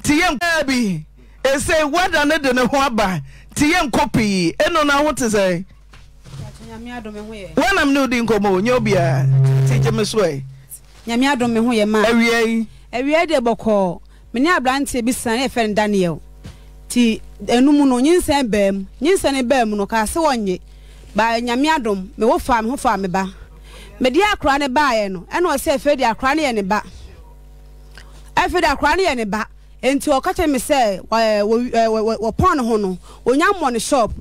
nti yɛnkaa bi say woada ne de ne ho aba nti yɛnkɔ pii ɛno no ho te sɛ woanam ne wodi nkɔmmɔ nyɛ obiaa nti gye me so ɛ nyame adom me ho yɛ ma awiai awiai deɛ bi sena daniel nti ɛnum no nyinsɛn baa mu baa no kaa se wɔnye ba me ba mede akora ne baeɛ no ba afei de akora no yɛ ne ba nti ɔka kyerɛ me sɛ wɔ eh, eh, pɔn ho no onya mmɔ ne shop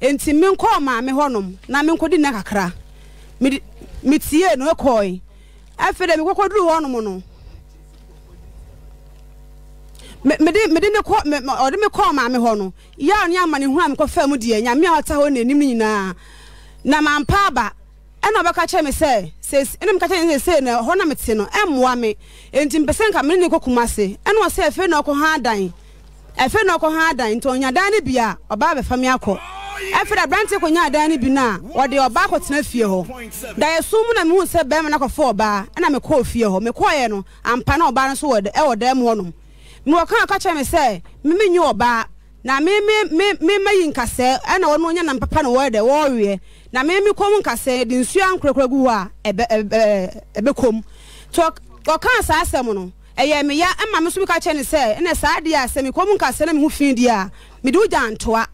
nti menkɔɔ maame hɔnom na menkɔdi nna kakra metie no ɛkɔe afei de mekɔkɔduru hɔnom no mede mede ne kɔ ɔde me kɔɔ maame hɔ no yɛa ne ama ne hu a mekɔfaa mu deɛ nyame ɔta hɔ n'anim no nyinaa na mampa aba ɛna ɔbɛka kyerɛ me sɛ sɛs ɛna meka kyerɛ me sɛ na hɔ na mete no ɛmmoa e me enti mpɛ sɛ nka mene ne kɔ Kumase ɛna ɔsɛ afei na ɔkɔ ha adan afei na ɔkɔ ha adan nti ɔnya dan no bi a ɔbaa bɛfa me akɔ afei da aberante kɔnya adan no bi no a ɔde ɔbaa kɔtena fie hɔ da yɛ som mu na mehu sɛ bɛrima no akɔfa ɔbaa ɛna mekɔɔ fie hɔ mekɔɔyɛ no ampa na ɔbaa no so ɛwɔ e dan mu hɔnom mewɔka ɔka kyerɛ me sɛ memenye ɔbaa na memayi nkasɛɛ ɛna ɔno ɔnya na mpapa no wɔyɛ dɛ wɔreweɛ na mmemme kɔm nkasa de nsuo ankorakora gu hɔ a ɛbɛ ɛbɛ ɛbɛkɔm tɔ ɔka saa asɛm no ɛyɛ meya ɛma me so bi ne sɛ ɛna saa deɛ a sɛ me kɔm nkasa na me ho fi deɛ a mede wogya ntoa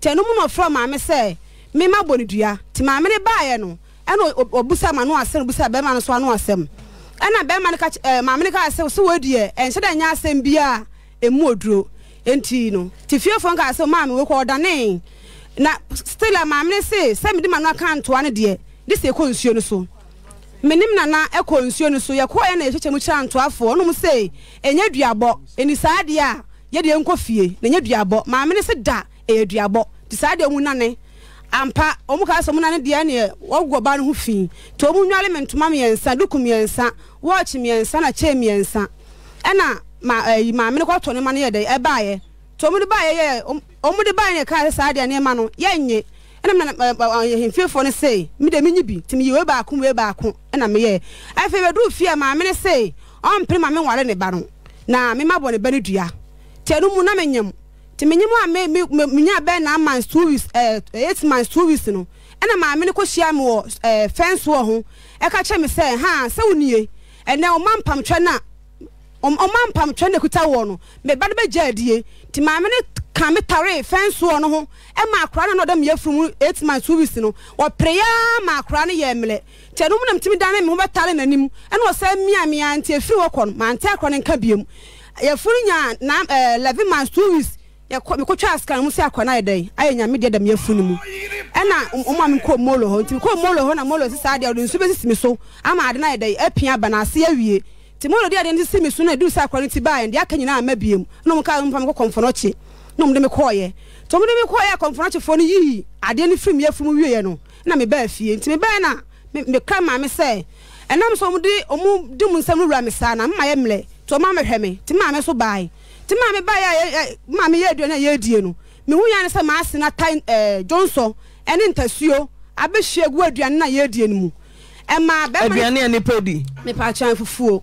tɛ no mu na ɔfrɛ maame sɛ mema bɔ ne dua nti maame ne baeɛ no ɛna ɔbusa ma no asɛm ɔbusa bɛrima no so ano asɛm ɛna bɛrima no ka ɛɛ maame no ka asɛm so wɔdiɛ ɛnhyɛ dɛ nyɛ asɛm bi a emu oduro nti no te fiefoɔ nka asɛm maame wokɔ ɔdanee na still maame ne se sɛ mede ma no aka ntoa no deɛ de sɛ ɛkɔ nsuo no so menim nana ɛkɔ nsuo no so yɛkɔɔ yɛ na yɛhyehyɛ mu kyerɛ antoafoɔ ɔnom se ɛnyɛ duabɔ ɛni saa deɛ a yɛdeɛ nkɔ fie na ɛnyɛ duabɔ maame ne se da ɛyɛ duabɔ nti saa deɛ ɔmu nane ampa ɔmu kaa sɛ ɔmu nane deɛ neɛ wɔgɔ ba no ho fii nti ɔmu nwale me ntoma mmiɛnsa duku mmiɛnsa wɔɔkye mmiɛnsa na kyɛɛ mmiɛnsa ɛna ma ɛyi maame ne kɔtɔ ne ma no yɛ dɛ ɛbaayɛ nti ɔmo de baa ne kaa saa deɛ nneɛma no yɛnye ɛna mena hemfiefoɔ no sei mede menye bi nti meyɛ wei baako wei baako ɛna meyɛ afei bɛduru fie a maame no sei ɔmpere ma menware ne ba no na mema bɔ ne ba no dua nti ɛno mu na menyam nti menyam a menya bɛn na months two weeks eight man two weeks no ɛna maame no kɔhyia me wɔ eh, fɛnse wɔ ho ɛka e kyerɛ me sɛ ha sɛ wonie ɛnɛ ɔma mpamtwɛ no a ɔma mpamtwɛ no akuta wɔ no meba no bɛgya adie nti maame no ka me tare fɛnso ɔno ho ɛma akora no na ɔda meyɛ firi mu eight months two weeks no ɔpere yɛ ma akora no yɛ mmerɛ kyɛ no mu na metumi dane me ho bɛtare n'anim ɛna ɔsɛ mmeammea nti ɛfiri hɔ kɔ no mante akora no nka biom yɛfuru nya na eh, eleven months two weeks mekɔtwa asika mu sɛ akwa no ayɛ dɛn ayɛ nyame deɛ dam yɛfu no mu ɛna ɔma mekɔ molo hɔ nti mekɔ molo hɔ na molo si saa deɛ ɔde nsu bɛsisi me so ama ade no ayɛ dɛn apia aba no ase awie nti molo deɛ adeɛ no sisi me so no ɛduru sɛ akwa no ti baeɛ deɛ aka nyinaa ma biam na ɔmka mpa mekɔ kɔmfɔ no kye na ɔmo de mi kɔɔyɛ tɔmo de mi kɔɔyɛ kɔnfɔnakyefoɔ no yiyi adeɛ no firi mu yɛ firi mu wieɛ no na mi bɛɛ fie nti mi bɛɛ na mi ka maame sɛ ɛnam so ɔmo de ɔmo de mu nsɛm wura mi saa na mma yɛ mlɛ tɔ maame hwɛ mi ti maame so baae ti maame baae a eh, maame yɛ aduane yɛ edie no mi hu yanni sɛ maa si na ta ɛɛ eh, jɔnsɔ ɛne ntasuo abɛhyia gu aduane na yɛ edie no mu ɛmaa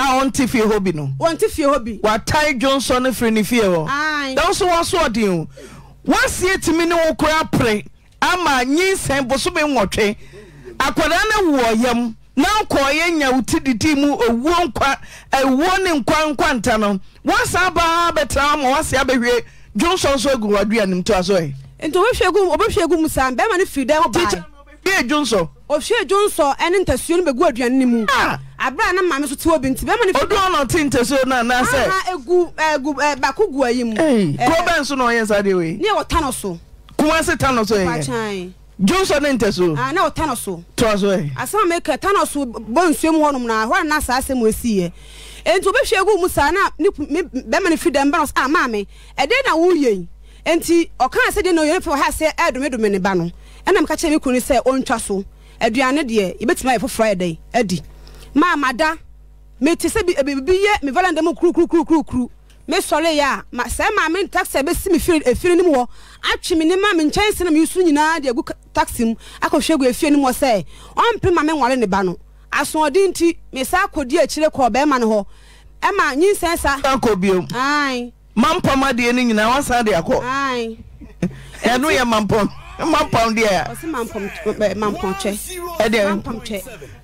a ɔnte fie hɔ bi no watae dwonsɔ no firi ne fie hɔ da wo so wɔ so ɔden o woasie tumi ne wo kora pere ama nyinsɛn bosome nwɔtwe akwadaa no wɔ yam na nkɔɔyɛ nya wo ti didi mu owuo nkwa owuo ne nkwa nkwanta no woasa baa bɛtena ama woase abɛhwie dwonsɔ nso agu waduanim to aso ɛ nti obɛhwie gu mu saa bɛrima no firi dɛn bae fie edu nsọ. ofie edu nsọ ɛne ntasuo no bɛgu aduane ne mu. abira na maame so te obi nti bɛma ne. odu ɔnà ti ntasuo náà náà sɛ. aha egu egu baako gu ayi mu. kuro bɛn so na ɔyɛ nsa de wei. ne yɛ wɔ tano so. kumasi tano so yɛ junso ne ntɛso. aa ne o tano so. tɔ so yɛ. asam mi kɛ tano so bɔ nsuo mu hɔnom na hɔn na saa asɛm osi yɛ nti o bɛ fi egu mu saa na ne mi bɛma ne fi dɛm bɛn a maame ɛdɛ na wo yɛ nti ɔkan sɛ de na oyɛ ne fɛ wɔ ha sɛ ɛɛdomedome ne ba no ɛna meka kyerɛ me kunu sɛ ɔntwa so aduane deɛ yɛbɛtumi ayɛ foforɔ ayɛ dɛn adi maa mada mete sɛ biribi yɛ me valanda mu kurukurukurukuru mesɔre yɛ a ma sɛ maa me taxi a bɛsi me firi efiri eh, no mu hɔ atwe me ne ma me nkyɛnse na meyisu nyinaa de agu taxi mu akɔhwɛ gu efie no mu hɔ sɛ ɔmpere ma me nware ne ba no asoɔden nti mesa akɔdi akyire kɔɔ bɛrima no hɔ ɛma nyinsɛn sa. akɔ biom. ayi. mampɔm adeɛ no nyinaa wasan de akɔ. ayi. ɛnu yɛ mampɔm mampam deɛ ɛdeɛ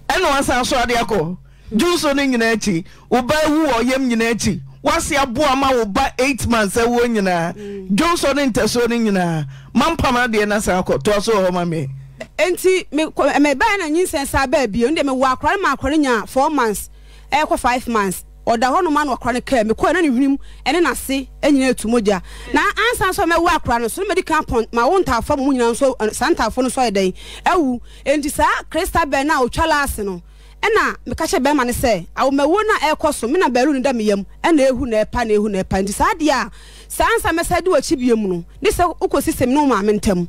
ɛna wasan so adeɛ kɔ junso ne nyinaa akyi woba ewu wɔ yam nyinaa akyi wasi aboa ma woba eight months ɛwɔ nyinaa junso ne ntɛso ne nyinaa mampam adeɛ na san kɔ toa so wɔ hɔ ma mi. nti mɛ báyìí na nyinsɛn sábẹ́ bi o n de mi wɔ akɔrɔ ma akɔrɔ nya four months ɛkɔ five months ɔda hɔ noma na wakora no kaa mekɔɛ na ne hwenem ɛne nase nyina atu mogya na ansa nso mɛwo akora no so ne mɛdi ka pɔn ma wo ntaafoɔ mu mu nyina nso eh, saa ntaafoɔ no nso ayɛ dɛn awu enti saa krista bɛn no a ɔtwa laase no ɛna meka kyɛ bɛrima no sɛ awomawuo no a ɛrekɔ so me na baalu no da meyam ɛna ɛhu na ɛpa na ɛhu na ɛpa nti saa deɛ a saa nsa mɛsa de wɔ akyi bie mu no ne sɛ wokɔsi sɛm ne wo maame ntam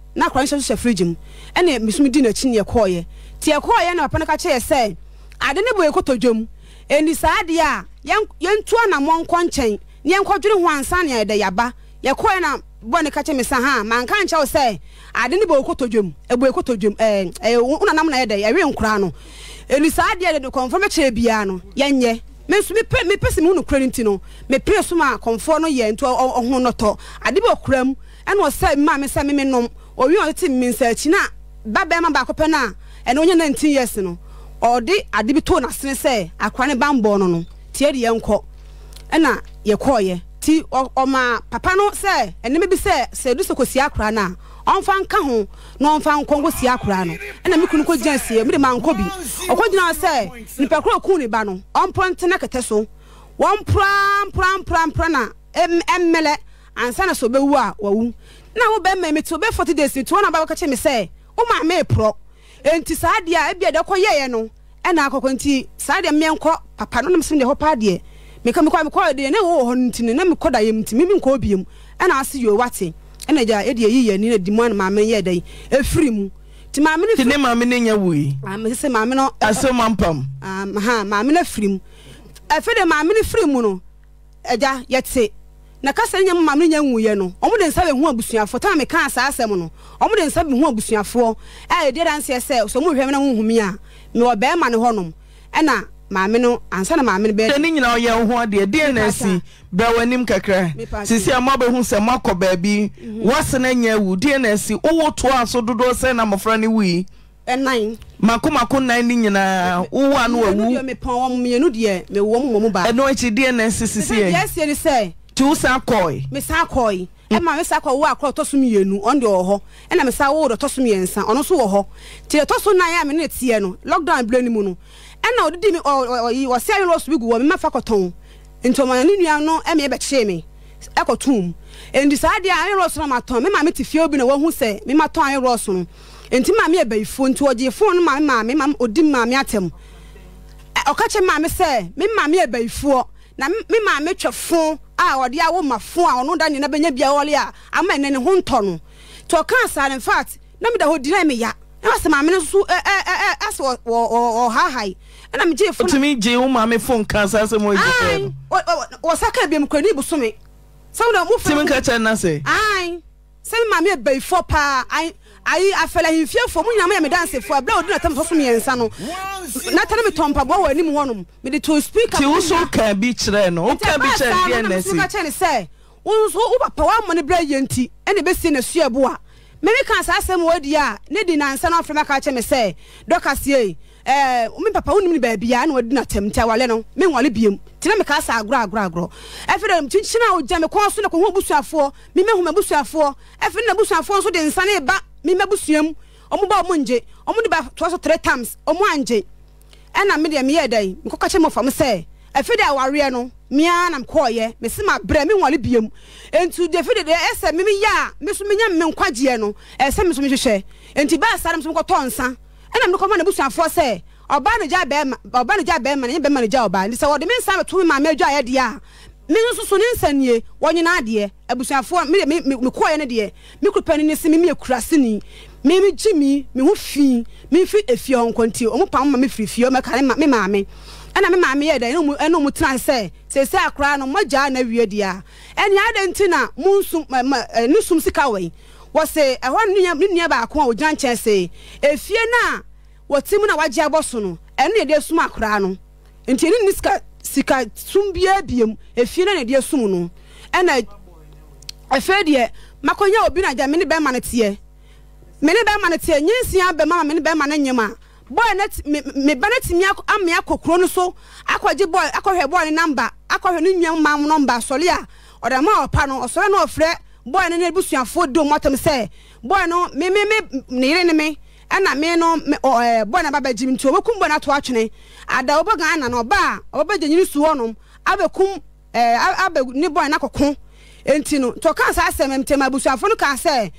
na akwadaa nhyɛ nso hyɛ fridge mu ɛna mesum di n'akyi ne yɛkɔɔyɛ te yɛkɔɔyɛ na papa no ka kyerɛ yɛ sɛ ade ne bɔ yɛ kɔtɔ dwom ɛni saa adeɛ a yɛntu anammɔ nkɔ nkyɛn ne yɛnkɔdwere ho ansa ne yɛda yaba yɛkɔɔyɛ na bo ne ka kyerɛ sa ha manka nkyɛ wo sɛ ade ne bɔ yɛ kɔtɔ dwom ɛbɔ yɛ kɔtɔ dwom ɛɛ ɛɛ wonanam na yɛda yɛwe nkora no ɛni saa adeɛ yɛde kɔnfɔm kyerɛ biara no yɛnyɛ mesu mepɛ mepɛ sɛ mu no kura ne nti no mepere so ma kɔnfoɔ no yɛ nti ɔho nɔtɔ ade bɛ ɔkura mu ɛna ɔsɛ mmaa sɛ meme nom owi a ɔte mminsa akyi na ba bɛrima baako pɛ no a ɛno onye nineteen years no ɔde ade bi too n'asene sɛ akora ne bambɔ no no tie na nkɔ ɛna yɛkɔɔyɛ ti ɔma papa no sɛ ɛnɛma bi se sɛ edu sɛ kò si akora no a ɔnfa nka ho na ɔnfa nkɔ nkɔ si akora no ɛna mi kunu kɔ gyina sie mi de ma nkɔ bi ɔkɔ gyina sɛ nipa koro kun ne ba no ɔmpɔ ntena kɛtɛ so wɔn mpura mpura mpura mpura na ɛmmɛlɛ ansa na so bɛwu a wɔwu. na wo bɛrima mi ti o bɛ forty days mi ti wɔn na ba kɔkye mi sɛ wo maame eporɔ nti saa adeɛ a ebi ɛdɛ kɔ yɛyɛ no ɛna akɔkɔ nti saa adeɛ mmea nkɔ papa no nam sɛm deɛ hɔ paa deɛ meka mekɔ mekɔ deɛ ne wo wɔ hɔ no nti no na mekɔ da yɛ mu mi mebi nkɔ obie mu ɛna ase yɛ wate ɛna gya ɛdeɛ yi yɛ ni na di mu ɛna maame yɛ dɛ efiri mu ti maame ne firi mu ti ne maame ne nya wui maame ah, sɛ maame no ase ma mpam ah, ha maame ne firi mu ɛfɛ de maame ne firi mu no ɛgya yɛte na kasa nyɛ mma no nya nwuiɛ no ɔmo de nsa bɛhu abusuafoɔ tam meka saa asɛm no ɔmo de nsa bɛhu abusuafoɔ a ɛdi adanseɛ sɛ sɛ ɔmo hwɛ na huhumi a mewɔ bɛrima ne hɔnom ɛna maame no na maame no nyinaa ɔyɛ adeɛ deɛ na esi kakra sisi a mo abɛhu sɛ mo akɔ baabi ewu na esi owó to dodoɔ sɛ na mmɔfra ne wui. ɛnan. nan ne nyinaa wowa no na o nti wosan kɔe mesan kɔe ɛma mesa kɔ wo akorɔ ɔtɔ so mmienu ɔno deɛ ɔwɔ hɔ ɛna mesa wo de ɔtɔ so mmiɛnsa ɔno nso wɔ hɔ nti o so nan a me ne teɛ no lockdown abirɛ no mu no ɛna ɔdidi mi ɔyi ɔsɛ ayɛ lɔɔso bi gu wɔ mema fa kɔtɔn nti ɔmɔ ne nua no ɛma ɛbɛkyee me ɛkɔ tum nti saa deɛ ayɛ lɔɔso no ma tɔn mema me te fie obi na wɔn ho sɛ mema tɔn ayɛ lɔɔso no nti maame ɛbɛyifo nti ɔgye fon no maame maame odi maame atɛm ɔka kyɛ maame sɛ me maame ɛbɛyifoɔ na me maame twɛ fon a ɔde awo ma fon a ɔno da nyina bɛnya bia wɔle a ama ɛnɛ ne ho ntɔ no nti ɔka asare infact na meda hɔ dina meya ɛma sɛ maame no so asɛ ɔhahai ɛna megye fonotumi gye wo maame fon ka saa sɛ mɔgye wɔsaka biam kurani bosome sɛ wodamtimi ka kyɛ nna sɛ ai sɛ me maame abaifɔ paa ayi afɛlɛhinfiefoɔ mu nyinaa yɛ me dansefoɔ ɛberɛ a ɔdi natam so so mmiɛnsa no nata no metɔ mpaboa wɔ anim hɔnom mede to speaker ti woso ka bi kyerɛ no woka bi kyerɛ deɛ na si kyerɛ ne sɛ wo nso wo papa woammɔ ne berɛ yɛ nti ɛne bɛsie n'asua bo a meme ka saa asɛm wɔadi a ne di nansa no afrɛ maka kyerɛ me sɛ dɔkaseɛ ɛɛ eh, me papa wonim ne baabia na wadi natam nti awale no menwale biam nti na meka sa agorɔ agorɔ agorɔ ɛfi dɛ kyinkyin a ogya me kɔn so na kɔhu abusuafoɔ memɛhu m'abusuafoɔ ɛfi na abusuafoɔ nso de nsa ne ba me mabusuam ɔmo ba ɔmo ngye ɔmo de ba toa so three times ɔmo angye ɛna me deɛ meyɛ dɛn mekɔka kyɛ mɔfam sɛ ɛfi de awareɛ no mia na mekɔɔyɛ mesi ma brɛ me nwale biam nti defi de deɛ ɛsɛ me meyɛ a me so menya me nkwagyeɛ e no ɛsɛ me so mehwehwɛ nti baa saa no me so mekɔtɔ nsa ɛna me kɔma n'abusuafoɔ sɛ ɔbaa no gya bɛrima ɔbaa no gya bɛrima ne nye bɛrima no gya ɔbaa nti sɛ wɔde me nsa bɛto me maame adwa ayɛ deɛ a mi nso so ne nsa nie wɔnyina adeɛ abusuafoɔ mi mi me kɔɛ ne deɛ me kuro pɛni ne mi me me ekura se ni me me gyi mi me ho fi me fi efie hɔ nkɔnti ɔmo pam ma me firi fie ɔmo ɛka me maame ɛna me maame yɛ dɛ ɛna ɔmo ɛna ɔmo tena sɛ sese akora no ɔmo agya na wie deɛ ɛni adan ti na mo nsum ɛma ɛne sum sika wɔ yi wɔsi ɛhɔ ne nua ne nua baako a ogyina nkyɛn se efie na wɔte mu na wagye abɔ so no ɛno yɛ de esum sika sum biara biam efie na n'adeɛ sum no ɛna efe deɛ makonya obi na gya mene bɛrima no teɛ mene bɛrima no teɛ nye nsia bɛrima ma mene bɛrima no nyɛ ma bɔɔl ne ti me me ba ne ti mi amia akɔ kuro no so akɔgye bɔɔl akɔhwɛ bɔɔl ne namba akɔhwɛ ne nua mma namba asɔre a ɔdama ɔpa no ɔsɔre na ɔfrɛ bɔɔl ne ne busuafoɔ dom wɔtɛm sɛ bɔɔl no me me me ne yere ne me. ɛna me no bɔne babagye m nti wɔbɛkum bɔne ato atwene ada wɔbɛ ghana na a ɔbɛbɛgye nyini su hɔnom abɛkum abɛ ne bɔne no akɔko enti no nti ɔka saa asɛm ntɛm no kaa sɛ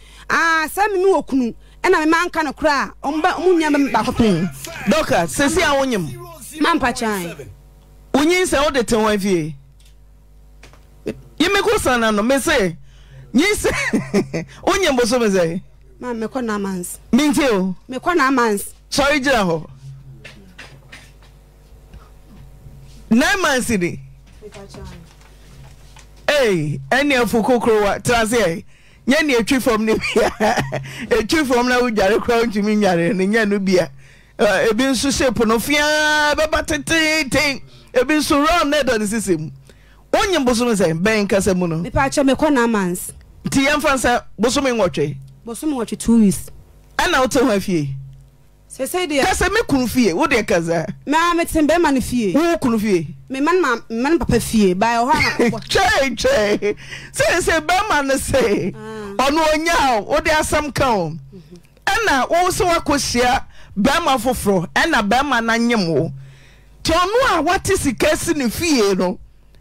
sɛ wɔ kunu ɛna nka no ɔmo baako pɛn a wonyem mampa kyae wonyin sɛ wode wɔn no mese maa mekɔ na amans. mi n ti o. mekɔ na amans. sɔrɔ gyina hɔ nine months ni. ee ɛni ɛfu kokoro wa teraseɛ nyɛ ni etwi fam ni bia etwi fam na wudware kora ntumi nware ni nyɛ no bia ebi nso shape no fiaa bɛba tetete ebi nso round na ɛdɔ ne sisi mu wonye bosom sɛ bɛn kasa mu no. mipa akyɛ mekɔ na amans. ti yɛn fa nsa bosom nwɔtwe. bosom wɔtwe two weeks. ɛna wote ho afie. sese deɛ. kasa mi kunu fie wo deɛ kasa. Ma mi ti bɛrima ni fie. wo kunu fie. mi ma ni ma papa fie baa ɔhɔ a ma kɔ. twɛɛ twɛɛ sese bɛrima ni se ɔno onya o o de asam kan o ɛna wɔn nso wakɔ hyia bɛrima foforɔ ɛna bɛrima na nyim o te ɔno a wate sika si ne fie no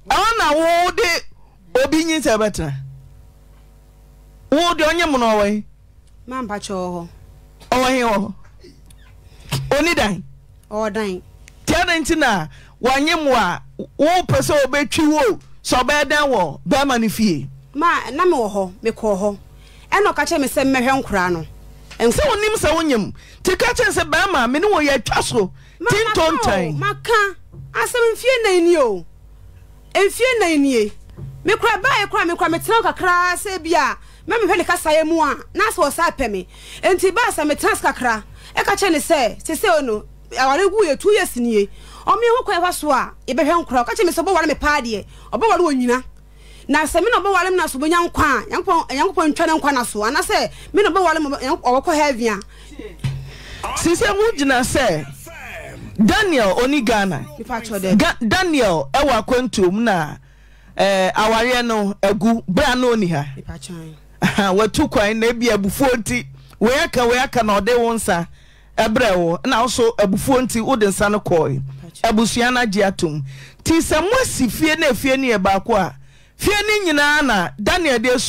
ɛwɔ na wo de obi nyi sɛ bɛtena wo de ɔnyim na ɔwɔ máa ń bá tsọ ọhọ. ọwọ yẹn wọ onidan. ọdan. tiẹ́ ní ti na wànyí mu a wọ́n pẹ̀ sẹ́ ọbẹ̀ twi wo sọ ọbẹ̀ wọ bẹ́ẹ̀ma ní fìyè. maa na mi hɔ mi hɔ ɛnna ɔka kyerɛ mi sɛ mmɛhwɛ nkura no. sɛ wọn sɛ wọn nyim ka kyerɛ sɛ bɛɛma mi ni wɔn so ti n ma ka asɛm nfie nan ni o nfie nan ni e mi kura báyìí e kura mi kura kakra bi a. mɛmehwɛ ne kasaeɛ mu a na sɛ wɔ saa pɛ me enti baa sɛ metenas kakra ɛka kyɛ ne sɛ seseo no aware gu yɛ two years nie ɔme ho kɔ ɛfa so a yɛbɛhwɛ nkora ɔka kyɛ me sɛ ɔbɛware me paa deɛ ɔbɛware wɔ nyina na sɛ me na ɔbɛware m na so bɛnya nkwa a nyankopɔn ntwa ne nkwa na so anasɛ me na ɔbɛware m ɔwɔkɔ heaven a sisɛ mu gyina sɛ daniel oni ghana daniel ɛwɔ akwantuom na eh, awareɛ no agu berɛ a na ɔni ha watu kwan na bia abufuo nti wɛwoɛka naɔde wo nsa brɛ wo na woso abufuo nti wode nsa no kɔɛ abusua no ye ato m ntisɛmosi fie nfinɛbafno yinaandaniɛenaiɛ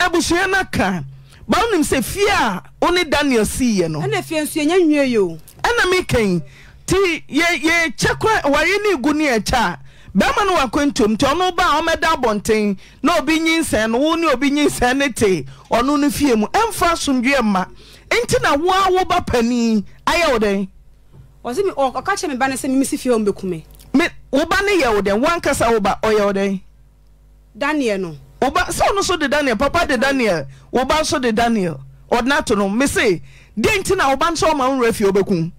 abusuanoka ba wonem sɛ fie a wone daniɛl see no ɛna mekɛi nti yɛkyɛ kora ware ni gu a bɛrima no wakwantom nti ɔno ba a da abɔnten na obi nyinsɛn no wo ne obi nyinsɛn no te ɔno no fie mu ɛmfa asomdwoɛ mma nti na woa wo ba pani ayɛ wo dɛn woba no yɛ wo dɛn ɔyɛ daniel no sɛ ɔno so de daniel papa de daniel nso de daniel to no deɛ nti na woba nsɛ ɔma wonwerɛ fie wobɛkum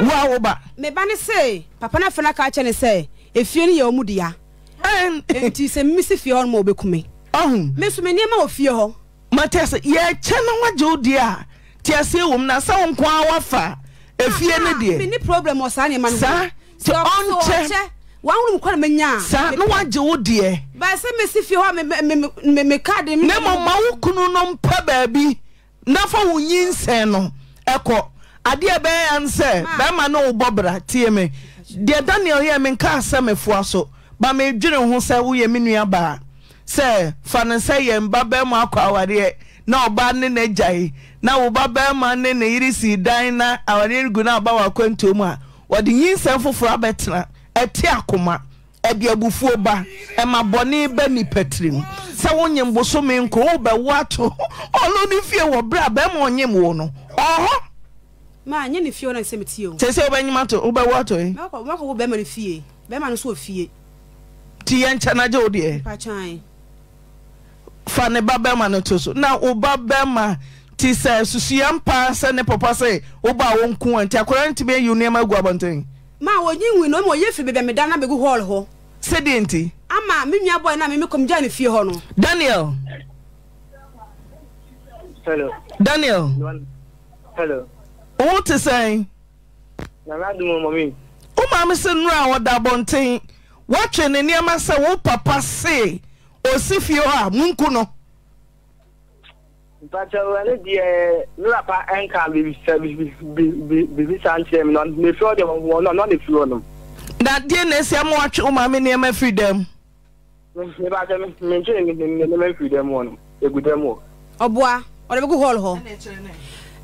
woa wo ba meba ne se papa no afɛ no aka kyɛ ne sɛ ɛfie no yɛ ɔ mu dea mmisi fie hɔ ma wobɛkume ɔhu me so me nneɛma wɔ fie hɔ matɛsɛ yɛkyɛ no wagye wo deɛ a tiaseɛ wom na sɛ wo nko a woafa ɛfie no deɛmene problem wɔ saa nneɛma no saa nti ɔnkyɛ wahunu mukɔ na menya saa na wagye wo deɛ baasɛ mesi fie hɔ a me kaade ne mɔma wo kunu no mpa baabi na fa no ɛkɔ adeɛ bɛyɛ ya n sɛ ah. bɛrima ne wobɔ bra tie me deɛ daniel yɛ menkaa sɛ mefoa so ba medwene ho sɛ woyɛ me nuabaa sɛ fa ne sɛ yɛn ba bɛrima akɔ awareɛ na ɔba ne na na wo ba bɛrima ne ne yere sii dan na awareɛ regu no aba wakwantuo mu a wɔde nyinsɛm foforɔ abɛtena ɛte akoma ɛde abufuo ba ɛma bɔne bɛ nipa tirim sɛ wonye bosome nko wobɛwo ato ɔno ne fie wɔ berɛ a bɛma ɔnyem wo no ɔhɔ kyɛ wobɛnyim ato wobɛwo nti wo e. deɛ fa ne ba bɛma no to so na wo bɛma ti sɛ sɛ ne papa sɛ woba a nti ayi wo nneɛma agu ma wɔnyi nwi na ɔma ɔyɛ firi baabi a meda na bɛgu hɔɔl hɔ sɛdeɛ nti ama me nua bɔe na meme kɔm gya ne fie hɔ no daniel hello daniel hello wo te sɛn wo maame sɛ nnura a wɔda abɔnten woatwe ne nneɛma sɛ wo papa see ɔsi fie hɔ a monku no pàtó ẹni deɛ nrapa ɛnka bibisa nkyerɛ mi na n'efiri ɔdi na ɔna efiri ɔnum. na deɛ na esi ama wɔatwe wɔn maame na firi dɛm. em. ba sɛ me ntwe ne nneɛma firi dɛm wɔ no egu dɛm wɔ. ɔboa ɔde bɛ gu hɔl hɔ.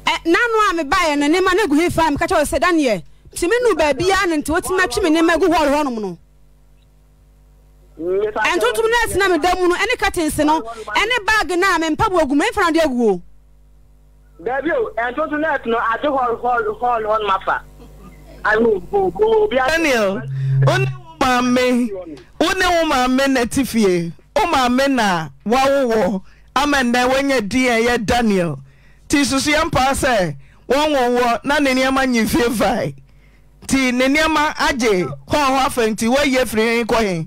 ɛ nanu a mi ba yɛ no ya ne gu hin mi kakyɛ wɔ daniel tìmínú baabi yá ni mi gu ɛntontom na asina meda mu no ɛne katense no ɛne baage na a mempa bo agu mu ɛmfana de agu o daabi o ɛntontom no ɛtono ade hɔl hɔl hɔl hɔ noma fa daniel wone wo maame wone wo maame na ti fie wo na wawowɔ ama nnɛ woanya daniel nti mpaa sɛ na ne nneɛma nti ne nneɛma agye hɔ hɔ afa nti woayie firi hen kɔ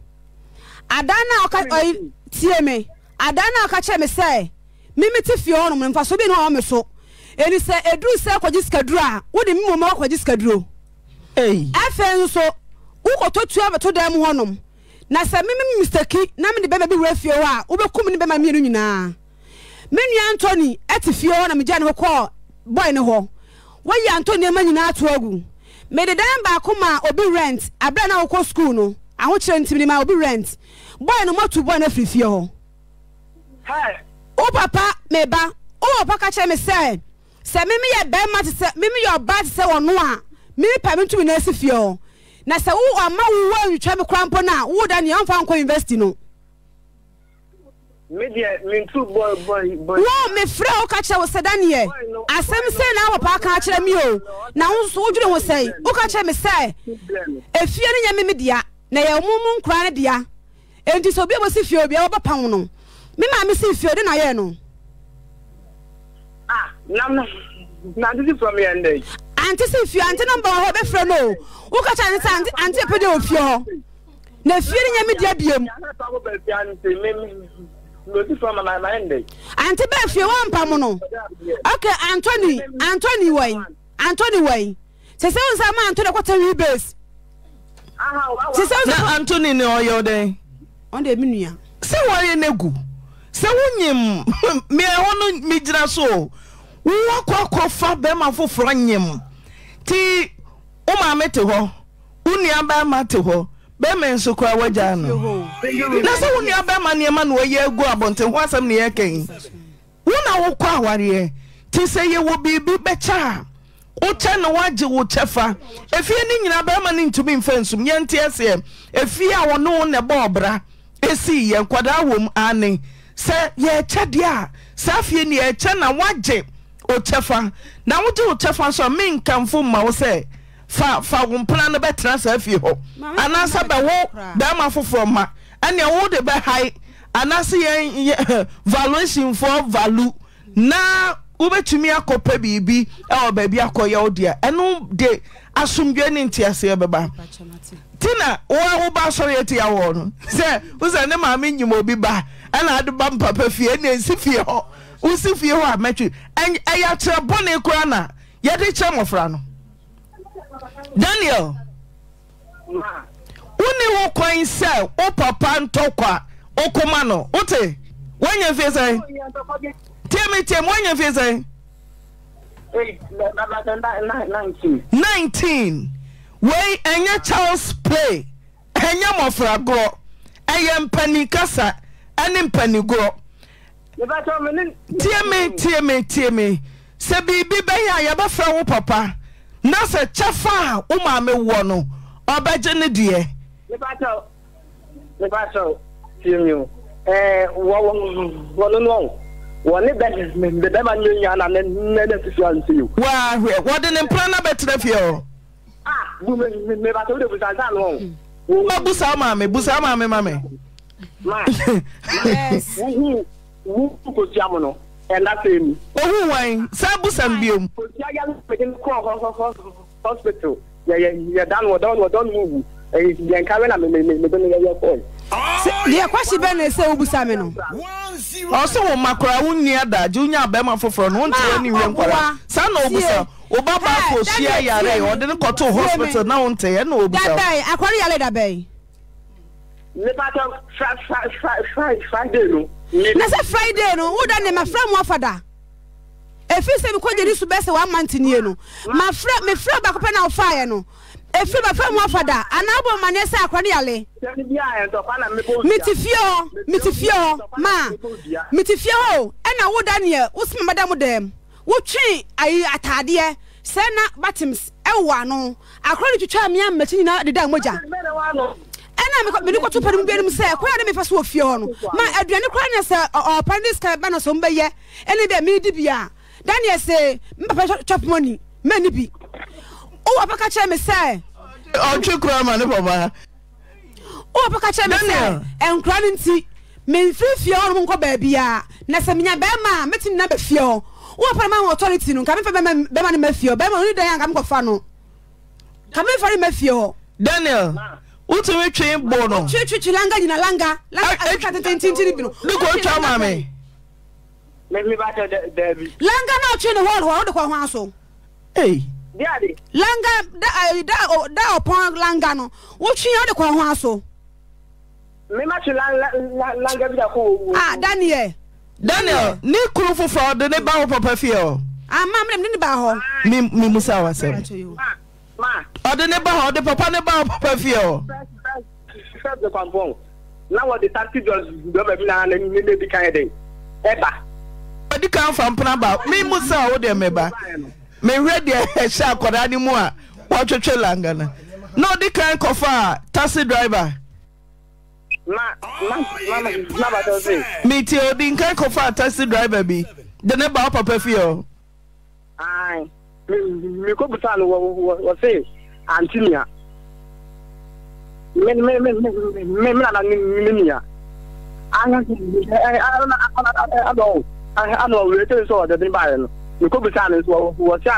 adan na ɔka ɔyi tie me adan na ɔka kyerɛ me sɛ mimi ti fie hɔ nom nfa so bi na ɔwɔ mi so eni sɛ eduru sɛ kɔgye sikaduro a wodi mi mɔmɔ kɔgye sikaduro afei nso wokɔtɔ tuo abɛto dan mu hɔ na sɛ mimi mistake na mi de bɛma bi wura fie hɔ a wobɛkum ne bɛma mmienu nyinaa me nua antoni ɛte fie hɔ na megya ne ho kɔɔ bɔi ne hɔ wɔyi antoni ɛma nyinaa to agu mede dan baako ma obi rent abira na ɔkɔ sukuu no ahokyerɛ ntimi ma obi rent bɔyɛ no mɔtu bɔyɛ no afiri fie hɔ wo papa meba wo papa ka kyerɛ me sɛ sɛ meme yɛ bɛrima te sɛ meme yɛ ɔbaa te sɛ wɔno a meme pɛ me ntumi na asi fie hɔ na sɛ wo ɔma wo wɔ ntwa me kora mpo no a wo da neɛ ɔmfa nkɔ university no wo mefrɛ wo ka kyerɛ wo sɛ daneɛ asɛm Papa, na wopapa ka kyerɛ me o na wo nso wodwene ho sɛe woka kyerɛ me sɛ ɛfie no nyɛ meme dea na yɛ mu mu nkura ne dea enti sɛ obi a bɛsi fie obi a wɔbɛ pam no me maame si fie de na yɛ no. ah nam no na adi si fam yɛn dɛ. ante si fie ante no mbɔ hɔ bɛfrɛ no o woka ne sɛ ante ante epe de o fie hɔ na fie ne nyɛ me dea bie mu. ante bɛɛ fie wɔn mpam no ok antoni antoni wɔyi antoni wɔyi sɛ sɛ n sɛ ma antoni kɔtɛ wi base. nti sɛ na antony ne ɔyɛ dɛn ɔde me nua sɛ wɔyɛ no agu sɛ wonyim mea hɔ no so wowakɔ akɔfa bɛrima foforɔ nyim nti wo maame te hɔ wo nua bɛrima te hɔ bɛrima nso na nua na na biribi a wokyɛ no woagy wo kyɛfa fe no nyina bɛma no ntumi mfansm yɛnteɛseɛ fe iyɛasɛ yɛkyɛdeɛ aafe yɛyɛ nowoenaf ma wo sɛ fa wo man ɛeasafe hnɛbɛma foforɔ mwodeɛ anaɛ valuationfoɔ va na wobɛtumi akɔpɛ biribi ɛwɔ baabi akɔyɛ wo dea ɛno de asomdwa ne nteaseɛ bɛba ti na woa woba sɔreɛ ti awɔ no sɛ wosɛ ne maame nyim obi ba ɛna ade ba mpapa fie ne nsi fie hɔ wosi fie hɔ a mɛtwi ɛyɛ akyerɛ bɔne koraa na yɛde kyerɛ mmɔfra no daniel wone wo kwan sɛ wo papa ntɔ kwa wokoma no wote woanya fie sɛ tèmi tèmi wọ́n yẹn fi sẹ́yìn. nineteen wei ɛnyɛ charles play ɛnyɛ mɔfragorɔ ɛyɛ mpanin kasa ɛne mpanin gorɔ. tie me tie me tie me sɛ biribi bɛyɛ a yɛbɛfrɛ wo papa na sɛ kyɛfa a wo maame wɔ no ɔbɛgye ne deɛ. nipa kyɛw nipa kyɛw tie mi o ɛɛ wɔn wɔn wɔn no wɔn wɔne bɛ mɛ bɛma nyɛ nyɛ na ne ne ne sisi ansi o. waa hwɛ wɔde ne mpira na bɛ tẹrɛ fiyɛ o. a bu mɛ mɛ mɛ bàtɛ o de busa nsa nù. ma busa maame busa maame maame. maa wuhu wuhu ko tia mu no ɛnda fɛ mi. ohun wan sɛ busa n biom. ko tia yɛn mɛ kɔn hospital yɛ yɛ yɛ dan wɔ dɔn wɔ dɔn mu wu. Eh, yɛnka bɛ na mebɛne yɛyɛ kɔe deɛ kwahye bɛ na ɛsɛ wobusa me no ɔsɛ wo ma koraa wo nni adagye wonya abɛma foforɔ no wonteɛ ne wie nkɔra saa na wobusa wobaba kɔhyia yare ɔde ne kɔtoo hospital na wonteɛ ɛna wobusa dabai akɔre yare dabai nepatɔ friday no na sɛ friday no woda ne mafrɛ mu afa da ɛfiri sɛ mekɔgye ne so bɛsɛ one month nie no mafrɛ mefrɛ baakɔpɛ na wofaeɛ no efiri bɛ fɛn mu afa da ana bɔ ma ne se akɔni yale. Mitifio, mitifio, ma, mitifio. mi ti fie hɔ maa mi ti fie hɔ ɛna wo da neɛ wo sima ma da mu dɛm wo twi ayi ataadeɛ sɛ na batims ɛwɔ ano akɔni twitwa mi amɛti nyinaa deda mogya ɛna mene kɔto pɛ no mu bianom sɛ kwan ne mefa so wɔ fie hɔ no ma aduane kora ne sɛ ɔpane de sika bɛna so mbɛyɛ ɛne bi a meredi bia daniel sɛ mpapa twapemɔni mani bi wowɔ pɛ ka kyerɛ me sɛ ɔtwe kora ma ne pɔba wowɔ pɛ ka kyerɛ me sɛ ɛnkora no nti memfiri fie hɔ nom nkɔ ya. na sɛ menya bɛrima a mɛtumi na bɛfie hɔ wowɔ pɛ ma authority no nka mefɛ bɛma no mafie hɔ bɛrima ɔne dan a nka mekɔfa no ka memfa no mafie hɔ daniel wotumi twe bo no twitwitwi langa nyina langa langatentententene bi no ne kɔ ma me langa na ɔtwe ne hɔ wode kɔ ho aso langa da eh, da da ɔpɔn langa no wotwi yɛn ɔde kɔ ho aso. mímá tu langa bi da ko wo. ah daniel. daniel ne kuru foforɔ ɔde ne ba wo papa fie o. ah maa mi ne ba hɔ. mi mi musa awa sɛm. ɔde ne ba hɔ ɔde papa ne ba wo papa fie o. fɛn fɛn kwan pɔn na wɔde thirty dollars dɔbɛ bi na ne ne bi kan yɛ dɛ ɛba. kan fa mpana ba mi musa awo deɛ mɛ ba mehwɛ deɛ ɛhyɛ akwadaa no mu a wɔtwetwe langa no na ɔde kan kɔfa a taxi driver metie ɔde nkan kɔfa a taxi driver bi de ne ba wo papa fie ɔ mekɔbusa no wɔse ante nua menana ne nua anɔ wetee sɛ ɔdɛdene baeɛ no mekɔbisa ne nso wɔhyɛ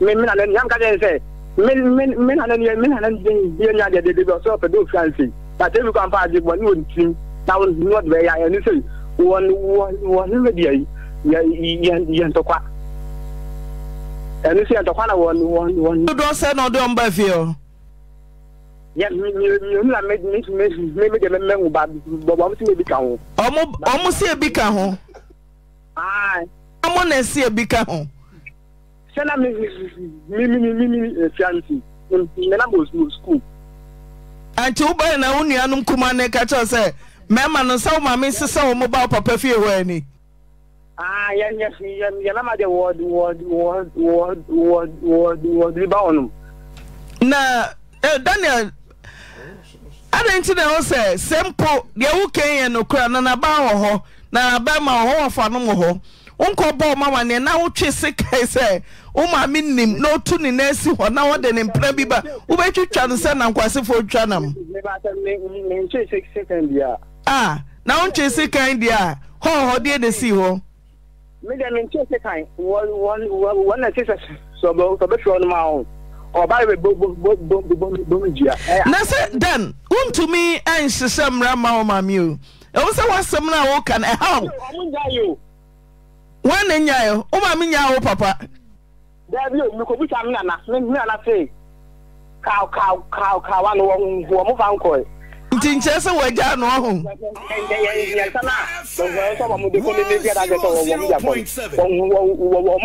ne mena ne nyam ka kyɛ ne sɛ mena ne mena ne bie nya deɛ deɛ bi ɔsɛ ɔpɛ dɛ ofira nse na tɛ bi kɔ ampa agye bɔ ne wɔ ntim na wɔ ne wɔde bɛyɛ ayɛ ne sɛ o wɔn ne o yɛ o ntɔkwa ɛno sɛ yɛ ntɔkwa na wɔn wɔn wɔn. dodoɔ sɛ na ɔde ɔmo ba fie o. yɛ mi mi mi na mi mi mi mi mi de mi mɛ ŋu ba bɔbɔ ɔmo si ebi ka ho. o ɔmo si ebi ka ho. Ọ na esi ebi ka ho. sɛna mi mi mi mi mi efia nti mmena mo na wo nua nkuma maame papa fie de na eh, daniel nti na ɛwɔ sɛ na naba wɔ na naba ma wɔ nkɔ bɔ ɔma waneɛ na wotwe sekae sɛ wo maame nim na otu ne na asi hɔ na wɔde ne mpena bi ba wobɛtwitwa no sɛ nankwasefoɔ twa nam a na wontwe sekan deɛ a hɔhɔ deɛ na sii hɔ medeɛ mentwe sekan wɔna sɛ sɛ sɔbɛhwɛ no ma wo na sɛ dan wontumi anhyehyɛ mmara ma wo maame o ɛwo sɛ woasɛm no a woka no ɛhaw wọn na nya yɛ o maa mi nya o papa. dɛbi o mi ko bi sa mi nana mi nana se kaw kaw kaw kaw wani wɔn wɔn mo fa n kɔ ye. nti nkyɛn sɛ wɔ gya ano ɔho. wɔn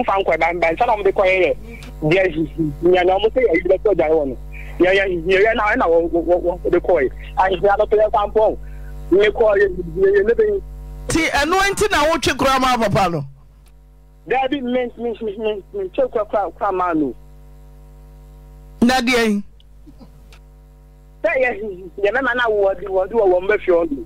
fa n kɔ ba ba nsana wɔn de kɔ yɛ deɛ nyanya wɔn sɛ yɛ yɛ kɔ gya yɛ wɔ no yɛ yɛ yɛ na ɛna wɔ wɔ wɔ de kɔ yɛ ahihia no to yɛ fan pɔn ne kɔ yɛ yɛ ne bɛ. ti ɛnu ɛnti na wotwi kura ma papa no daabi mentwe kora maa no na deɛ sɛ yɛ yɛ mɛma no wɔde wɔde wɔ wɔn bɛfi ɔn do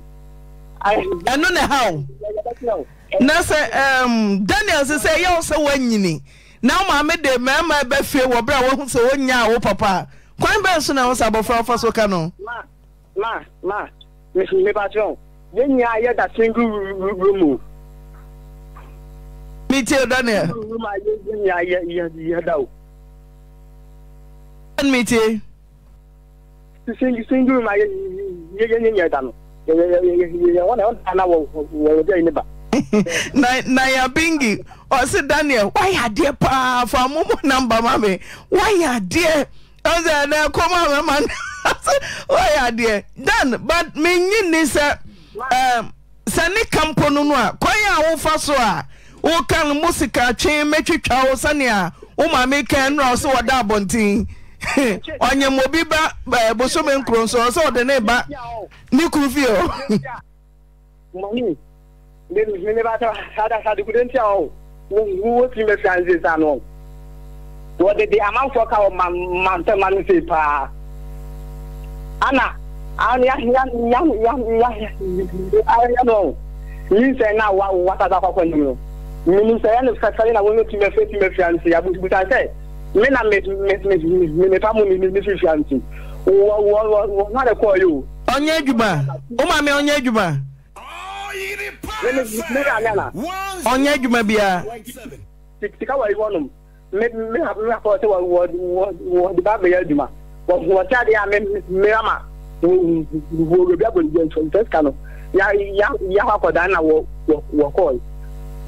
ɛno na ha o na sɛ um, daniel sɛ sɛ yɛwo sɛ woanyini na wo maame de mmarima bɛfie wɔ berɛ a woahu sɛ wonya a wo papa a kwan bɛn so na wo sɛ abɔfra wofa so ka no ma ma ma mepatrɛ yɛnyaa yɛda single room o metie daniel. ẹn metie. single room ayé yẹ yẹ yẹ da no yẹ yẹ yẹ yẹ wọn na wọn ta na wọ wọ ọjọ yìí ni ba. na na ya bingi ọsị daniel wayọ adịẹ paa fa mụmụ namba mami wayọ adịẹ ọsị ya na ẹkọ mami ma wayọ adịẹ dan but menyi ni sị um, sani kampo nunu a kwan ya awofa so a. wokan mu sikatwe mɛtwitwa wo sɛnea wo maame kan nnura so wɔda abɔnten ɔnyɛm ba bosome nkuro nso ɔsɛ ɔde ne ba ne kuru fie o. wɔde amanfoɔ ka wɔ mantɛma no paa ana kɔkɔ nim no ministère ya ne fasali na wone tume fe tume fiansi ya buta se me na me me me me me pa mu ni ni fi fiansi wo wo wo na de ko yo onye adwuma o ma me onye adwuma me na me na onye adwuma bia tika wa iwo num me me ha me ko se wa wo wo di ba me adwuma wo wo ta de ya me me ama wo wo bia bo ni je so test kanu ya ya ya ha ko da na wo wo ko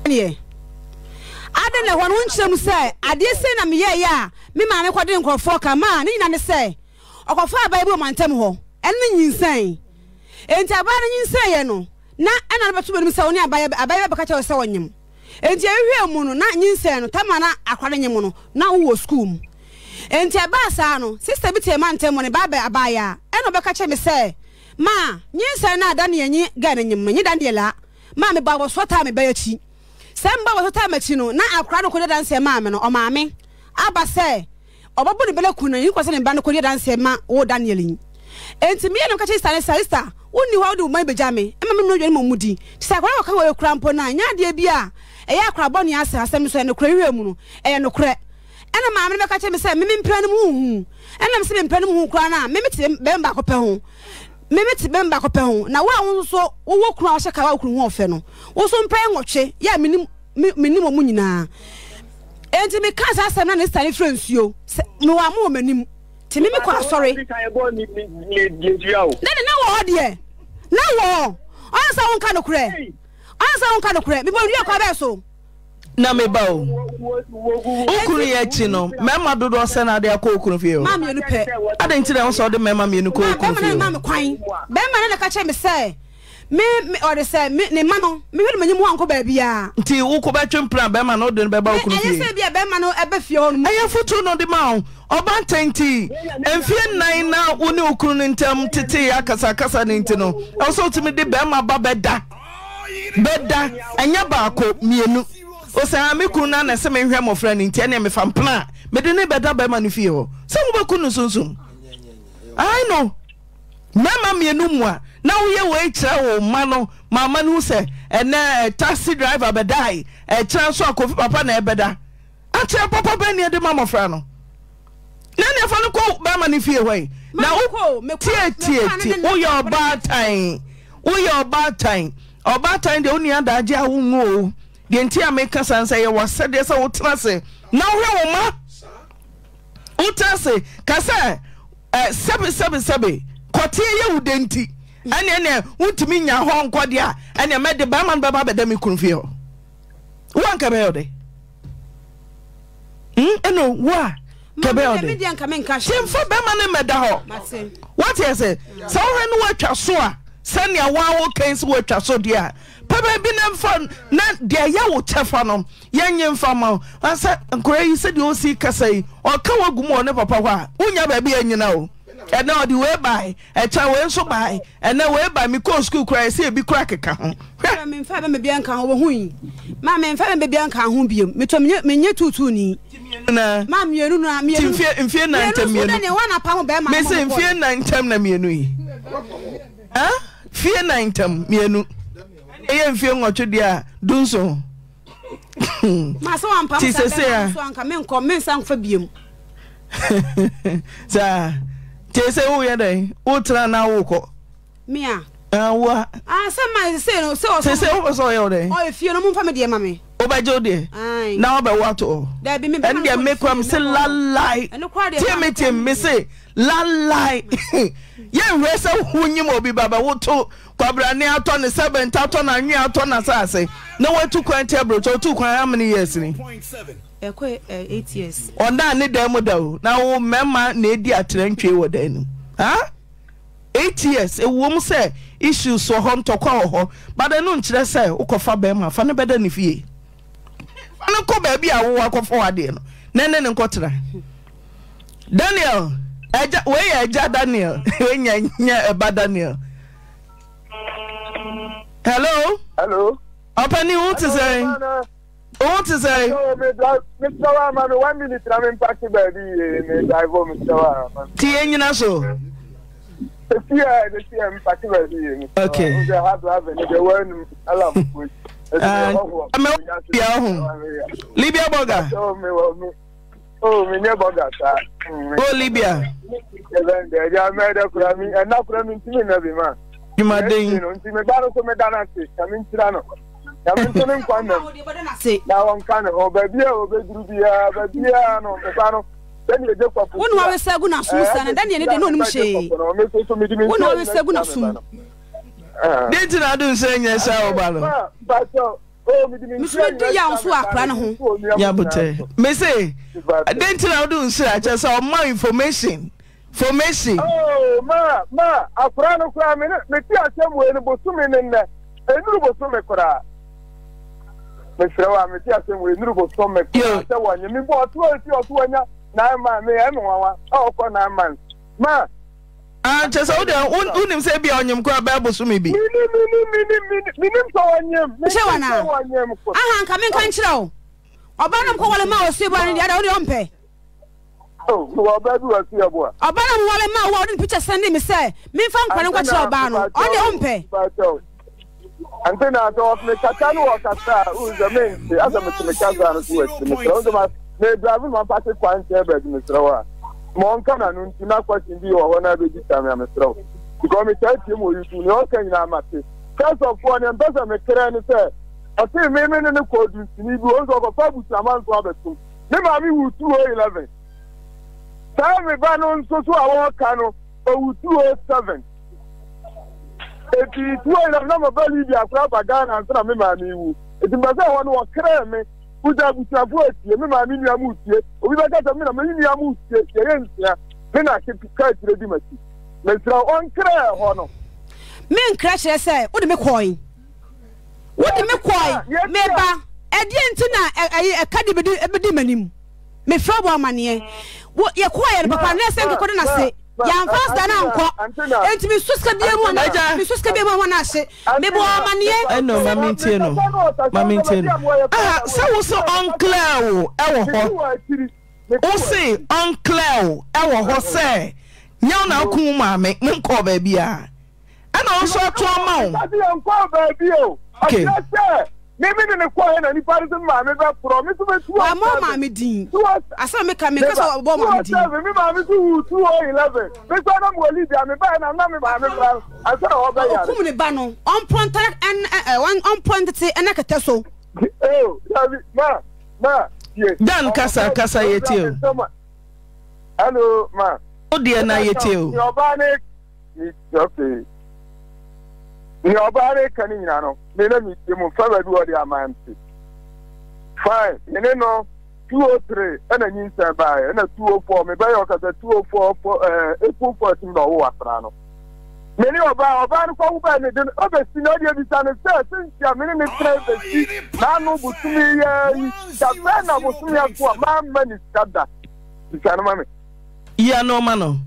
Yeah. ade na hɔ no mu sɛ adeɛ na meyɛyɛ a me maame kɔde nkurɔfoɔ ka maa ne nyina ne sɛ bi wɔ hɔ nyinsɛn enti na ɛna no bɛto sɛ wo ne abayɛ bɛbɛka kyɛ wo sɛ wɔnyem enti ɛhwehwɛ mu no na nyinsɛn no tama na nyem no na saa no sista bi tie mu ne baabɛ abaayɛ a ɛna ɔbɛka a no nyem sɛm ba wɔtɔ taa no na akora no kɔdi adanseɛ maa mi no ɔmaame aba sɛ ɔbɛbɔ ne bɛlɛ kun no yi kɔsɛ ne ba no kɔdi adanseɛ ma wo daniel yi nti mi yɛ no kakyɛ sista ne sa sista wonni hɔ a wode wo ma bɛgya me ɛma me menodwane mɔmu di nti sɛ akora wɔka wɔ ɛkura mpo no a adeɛ bi a ɛyɛ akora bɔne asɛ asɛm so ɛnokorɛ wiɛ mu no ɛyɛ nokorɛ ɛna maame no bɛka kyerɛ me sɛ meme mpira no mu hu ɛnam sɛ mempira no mu hu koraa no a meme te bɛm pɛ ho meme te bɛm baakɔ pɛ ho na wo a wo nso wowɔ kunu a wɔhyɛ ka wa wokunu ho ɔfɛ no wo so mpɛ nwɔtwe yɛ a menim menim ɔmu nyinaa enti meka saa asɛm na ne sane frɛ nsuo mewɔ ama wɔ m'anim nti me mekɔ asɔre na ne na wɔ hɔ deɛ na wɔ ɔne sɛ wonka nokorɛ ɔne sɛ wonka nokorɛ mebɔ wie kɔ bɛɛ so na meba o wokunu yɛ akyi no mmarima dodoɔ sɛ na ade akɔ okunu fie o adɛn nti na ɛwo sɛ wode mmarima mmienu kɔ okunu fie o bɛrima ne na ka kyerɛ me sɛ me me ɔde sɛ me ne ma no me hwɛ no m'anim wankɔ baabi a. nti wokɔ bɛtwe plan bɛrima no ɔde no bɛba okuru fie. ɛyɛ sɛ bi a bɛrima no ɛbɛ fie hɔ nom. ɛyɛ foto no de ma o ɔba ntɛn ti mfie nnan na wo ne okuru ne ntɛm tete akasakasa ne nti no ɛwɔsɛ otumi de bɛrima ba bɛda bɛda ɛnyɛ baako mmienu osan mi kuru na na ɛsɛ mi nhwɛ mmɔfra ne nti ɛna mefa mpena mede ne bɛda bɛrima no fie hɔ sɛ wobɛku no sunsun. ayi no mmarima mmienu mu a na woyɛ wei kyerɛ wo ma no maama no sɛ ɛnɛ taxi driver bɛdae ɛkyerɛ nso akofi papa na ɛbɛda akyerɛ papa bɛn neɛ de ma mmɔfra no na neɛfa no kɔ bɛma no fie hɔ na wotietie woyɛ ɔbaatan woyɛ ɔbaatan ɔbaatan deɛ wonua daagye a wonwu o deɛ nti a meka sane sɛ yɛwɔ sɛdeɛ sɛ wotena se na wohwɛ wo ma wotena se Kasa. ka sɛ sɛbesɛbesɛbe kɔteɛ yɛ wo de nti ɛneɛ neɛ wontumi nya hɔ nkɔdeɛ a ɛneɛ mɛde baima no bɛba bɛda me kunu fie hɔ woanka bɛyɛ ɔde ɛno hmm? wo a kɛbɛyɛɔdemfa bɛma no mɛda hɔ woteɛ sɛ sɛ wohɛ no woatwa so a sɛnea woa wo kan sɛ woatwa so deɛ a pɛbɛ bi ne mfa na deɛ yɛ wo kyɛ no yɛnye mfa ma sɛ nkora yi sɛdeɛ ɔsi kasa yi ɔka woagu mu wɔ ne papa hɔ a wonya baabi anyina o ɛnɛ ɔde wei bae ɛkyɛ wei nso bae ɛnɛ wei bae mi kɔɔ sukuu kura ɛsɛ ebi kura keka ho. hwɛ mi nfa bɛ bebia nka ho wohu yi maa mi nfa bɛ bebia nka ho biem mitɔ mi nye tuutu ni. na maa mienu na mienu ti nfie nfie na ntɛm mienu mienu sunni wɔn apam bɛrima mɔmɔ bɔ mesi nfie na ntɛm na mienu yi ha fie na ntɛm mienu eye nfie nwɔtwe deɛ a dunso. maa sɛ wɔn apam sɛ bɛrima nso anka mi nkɔ mi nsa nfa biem. saa tie sɛ woyɛ dɛn wotena na wokɔ mia awa ah, sɛ ma sɛ no sɛ ɔsɛ sɛ wopɛ sɛ ɔyɛ wo dɛn ɔyɛ fie no momfa me deɛ ma me wobɛgye wo deɛ na wobɛwo ato ɛne deɛ mekora me se lalae tie me tie me se lalae yɛnhwɛ sɛ wonyim obi baba woto kwabrane atɔ ne sɛ bɛnta atɔ na nwe atɔ na saase na watu kwan te aburokyi wotu kwan amene yɛ asini ɛkɔ eight years. ɔdan ne dan mu da o na wo na edi aterantwe wɔ dan mu ha eight years ewom sɛ issues wɔ hɔ ntɔkwa wɔ hɔ bada no fa ne bɛda ne fie fa baabi a na ne ne nkɔtena daniel ɛgya wei daniel wei daniel hello hello ohun ti sẹ. mr wamanu one minute na mi n pàṣẹ bẹẹbi yìí ni daivo mr wamanu. ti yẹn nyina so. esi ẹ ẹ ti ẹ n pàṣẹ bẹẹbi yìí ni. ok n jẹ hadu avenue de wẹ́n nu alamuko. ẹmẹ wọ́n ti yà libya bọ́gà. o mi nye bọ́gà sa. o libya. ẹbẹ ndẹ ẹdí amẹ ẹdẹ kura mi ẹnna kura mi ntumi nẹbi ma. jumaden. ntumi gbàdúrà sọ mi dáná sí kàmi yàmẹsẹni nkwanna na wọn ka ne ho baabi a wobɛduru biara baabi a no nsa no sani ɛgye kɔpu. wọn wà wẹsẹ gu na sum sani dani ẹni de ní onim se wọn wà wẹsẹ gu na sum. de ti na dun se nye sa o lọ. Oh, musu di yan so akora ne ho. yabutɛ mese de ti na akyɛ sɛ ɔma information formation. Oh, akora ne kura mi ne ti a ne nnɛ enuru bosumi koraa. mesrɛ wo a mete asɛm wei nuru bɔ sɔ mɛkɔ sɛ wɔnyɛ mebɔ ɔtoɔti ɔtoɔnya nine man meyɛ me wawa a ɔkɔ nine man ma nkyɛ wode wonim sɛ bia ɔnyem bi menka nkyerɛ wo ɔba ma no deɛ wode ɔmpɛ oh, ɔba ma wo a wode ne sɛnde me sɛ memfa nkwane ɔbaa ante na sɛ ɔtumikata no wɔ kasa wuzɛ mente asɛ metumika zaa no so wɔakyi meserɛ wozɛ ma mebrave ma fa se kwa nkyɛn baabi meserɛ wo a ma ɔnka na no nti na question bi wɔ hɔ na bɛgyi tame a meserɛ wo because metaa tie mu wɔ youtube neɛ ɔka nyinaa mate first of all neɛ mpɛ sɛ mekerɛ ne sɛ ɔte meme ne ne kɔɔdu nsini bi ɔn sɛ ɔkɔfa abusuama nso abɛtom ne maame wu two o eleven saa me ba no nso so a wɔka no ɔwu two o seven eti tuwa ina na maba libya kura ba ghana nsira mi maame iwu eti mbasa wɔn wɔ kere mi kuta abusuafo etie mi maame nua mu tie obi bɛ kasa mi ah, e na mi nua mu tie tie yɛ e, nsia mi na kaa etire di ma ti mɛ nsira wɔn kere hɔ no. mi nkira kyerɛ sɛ o de mi kɔɔ yi o de mi kɔɔ yi mi ba ɛdiɛ nti na ɛyi ɛka de bi di e ma ni mu mi fɛ bɔ amaniɛ yɛ kɔɔ yɛ no papa ne yɛ sɛ nkokɔ na se yàmfa sita náà nkọ eti eh, mi susika bi emu ọna mi susika bi emu ọna ase mi bọ ọma niyẹ. ẹnọ maami n tie no maami n tie no aha sáwọ sọ ọnkilẹ o ẹwọ hɔ o si ọnkilẹ o ẹwọ hɔ sẹ nyẹw na kun maame mi nkọ baabi a ɛna o sọ ọtún ọma o mímí ni ne kɔ yɛ na nipa de mi maame bɛ mi tún bɛ two hundred. wàá mọ maame din asan mi ka mi kasa bɔ maame din. two hundred mi maame tún wù two hundred eleven mi sọ na mo li di a mi báyìí na mi maame fura asan na ɔbɛ yàrá. okun mi ba no ɔnpɔnta ɛn eh, eh, ti ɛnɛ kɛtɛ so. ee eh, yabi ma ma tie. dan kasa kasa yɛ tie o. hello ma. o deɛ na yɛ tie o. ɔbaa ni nea ɔbaa ka ne nyina no me na metie mu fa baabi ɔde ama nte fine mene no 203 ɛna nyinsɛn baeɛ ɛna 204 mebɛyɛ ɔkasa 244 ɛkufoɔ tim na ɔwo asra no mene ɔbaa ɔbaa no kɔwo baa ne de no ɔbɛsi na ɔde abisa no sɛ sensia mene ne tena bɛsi naano bosome yɛ yi dabɛ na bosome aso a maama ne sika da sika no ma me yia no ma no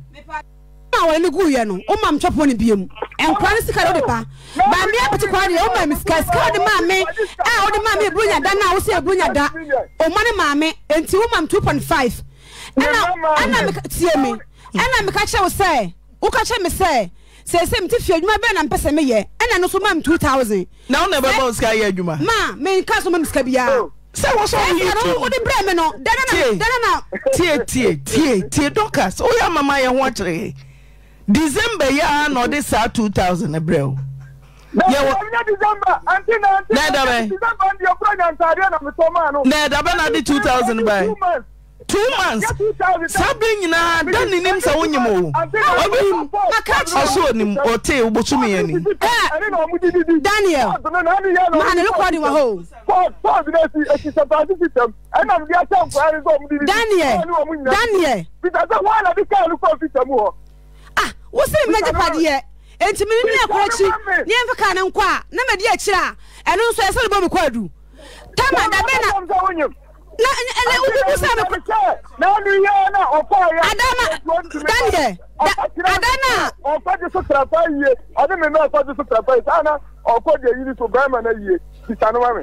woma wɔne no guyɛ no woma me twɛpɔ no biam nkora no sika de wode pa baame apete kwa deɛ woma me sika sika wode maa me a wode maa me ɛburo nya da no a wo sɛ ɛburo nya da ɔma ne maa me enti woma me 2.5 ɛna ɛna me tie me ɛna meka kyerɛ wo sɛ woka kyerɛ me sɛ sɛsɛ mete fie adwuma bɛɛ na mpɛ sɛ meyɛ ɛna no so two thousand na wo na ɛbɛbɔ sika yɛ adwuma ma menka so mam sika biaa oh. sɛ wɔ sɔ wɔyi to wode brɛ me no dɛnɛ na tie tie tie tie dɔkas woyɛ amama yɛ ho akyerɛ december yi a na ɔde saa two thousand brɛ o. nɛɛdabɛ na de two thousand bae two months saa bere nyinaa da ne nim sɛ wonyim o obi ɔso onim ɔtee wobosome yɛ ni eh! daniel maane no kɔde wɔ hɔ daniel daniel wosi mmegye padeɛ ntumi ne ne ɛkɔ akyi ne yɛn fika ne nkɔ a ne mɛ di akyire a ɛno nso yɛsɛ ne bɔ mu kɔ adu tama dabe na na ɛnɛ wububu sɛ mi kɔ adama daniel adana. ɔkɔ di so tarafa yie ɔne mi na ɔkɔ di so tarafa yie sanni ɔkɔ di eyi so bɛrima na yie sisa ne ma mi.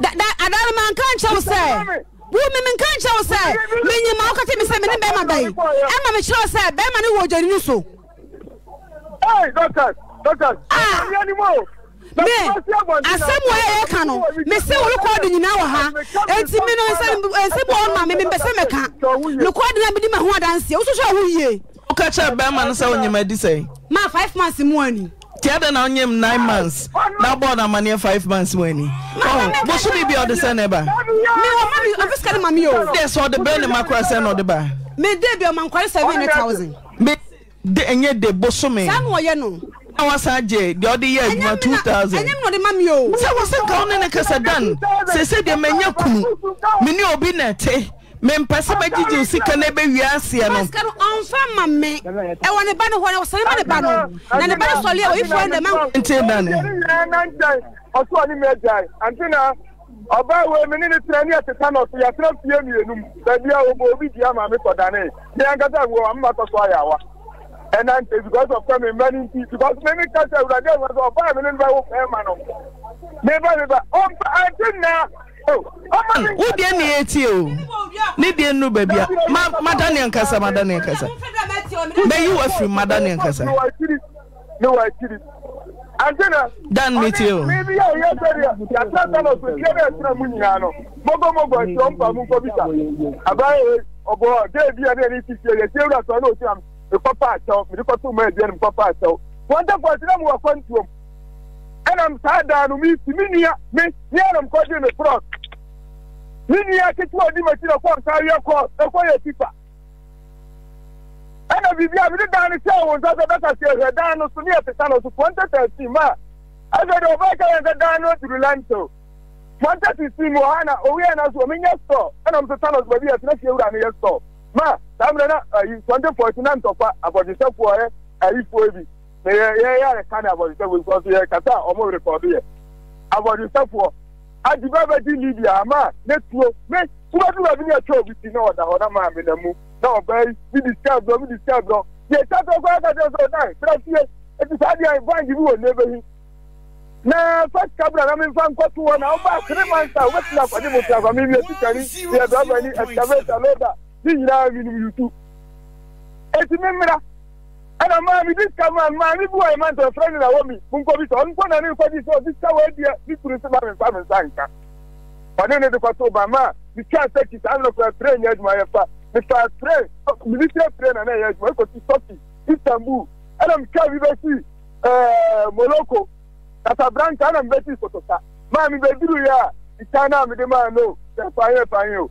da da adana ma nka nkyɛn sɛ wumi mi nka nkyɛn sɛ menyima ɔkɔte mi sɛ mi ne bɛrima bɛyi ɛma mi kyerɛw sɛ bɛrima ne wɔ ɔgyani so. Hey, doctor, doctor. Ah. me asɛm wɔ ɛyɛ ka no mese wo rekɔd nyinaa wɔ ha enti me no nsɛm wɔ ma me mempɛ sɛ mɛka rekɔd na mede ma ho adanseɛ wosohwɛ wo yie woka kyerɛ bɛrima no sɛ wonyam adi sɛe ma five months mu ani tia dɛ na wonyam nine ah, months na bɔɔ no amanneɛ 5 months mu ani boso bi bia ɔde sɛ ne ba mewɔ ma me ɔfisikale ma me o dɛ sɛ ɔde brɛ ne ma kora sɛ na ɔde ba mede bia seven 7 thousand de ɛnyɛ de bosome. saa na ɔyɛ no. na wasan gye ɔde yɛ adwuma two thousand. ɛnyɛ mi na ɔde ma mi o. sɛ wɔsɛ kaw ne ne kasa dan sese deɛ mɛ nyɛ kunu mi ni obi na ɛte mempɛ sɛ bɛgyegye wo sika na ɛbɛwie aseɛ no ɔmfa ma me ɛwɔ ne ba no hɔ ɔsane ma ne ba no na ne ba no sɔre a ɔyifoɔ no dɛma nti da ne ɔsoɔ ne mɛgyae ante na ɔbaa wei me ne ne tena ne ɛteta no so yɛtena fie mmienu mu baabi a obi di ama me sɔdane ne ankasa wo ama makɔ so ayɛ awa ɛna nte because of sɛ mema no nti because meme ka sɛ awurade ɛwa sɛ ɔbaa me no no bɛwo pɛɛ ma no meba meba ɔmpa ante na wobie ne yɛtie o ne bie no baabi a mada ne nkasa mada ne nkasa bɛyi wafiri mada ne nkasa ne wakyiri antina dan mi ti o mi bi yà yẹ sẹri yà yàtọ̀ sábà tó tiẹ̀ bẹ́ẹ̀ sinna mu nyinaa nọ mọ́gọ́ mọ́gọ́ ẹ̀sìn ọ̀npá mu nkọ́ bí ta àbáyé ọ̀bọ̀ déèbí yà ní ẹni ti tiẹ̀ yẹ tiẹ̀ wúlò àtọ̀ náà ó ti mekɔpa akyɛw mede kɔto mu aduane mekɔpa akyɛw wɔnta kɔɔkyerɛ mu wɔkɔ ntuom ɛnam saa daa no mesi me nua me neanam kɔgye me krɔs me nua ketewa ɔdi makyi na kɔɔ nsareɛ kɔɔ ɛkɔyɛ pipa ɛna biribi a mede daa no hyɛɛ wo nsa sɛ bɛka sɛ ɛhwɛ daa no so ne yɛteta no so fɔnta tansi ma a afei de wɔbɛka yɛn sɛ daa o aduru lanto fɔnta sisi mu ɔha na owia na so ɔmenyɛ stɔɔ ɛna mteta no so baabi yɛtena fie ma saa mmerɛ na ayi twenty fourteen na ntɔkwa abɔdesɛfoɔ yɛ ayifoɔ bi na yɛ yɛ yɛ ka ne abɔdesɛfoɔ nso so yɛ kata a wɔn rekɔdo yɛ abɔdesɛfoɔ adi bɛ bɛ di libya ama ne tuo me kubaduma bi ne atwa obi si na ɔda hɔ na maame na mu na ɔbaa yi mi di sika dɔ mi di sika dɔ yɛ sika dɔ kɔ ɛka kyerɛ sɛ ɔdan fira fie eti saa deɛ banki bi wɔ ne bɛ yi na first cabra na mi nfa nkɔto wɔ na ɔbaa three months a wɔbɛsi na akɔde mo fi akɔmi wi eti kari yɛ dɔbɛ ni excavator loader ne nyinaa binom yutu eti me mmira ɛna maame disika maame maame bi wɔ ɛma ntɛ fɛn na wɔ mi nkɔ bi sɛ ɔnkɔ na ne nkɔ bi sɛ disika wɔ adiɛ ne kuru sɛ maame nfa mi nsa nka ɔne ne de kɔtɔ bama a disika sɛki saa na kura pire nyɛ adwuma yɛ fa nifa pire militire pire na na yɛ adwuma ekɔ si turkey istanbul ɛna mika bi bɛ si ɛɛ moloko casablanca ɛna mi bɛ si sotosa maame bɛ duru yɛ a disika naa mi de maa no yɛ fa yɛ fa yɛ o.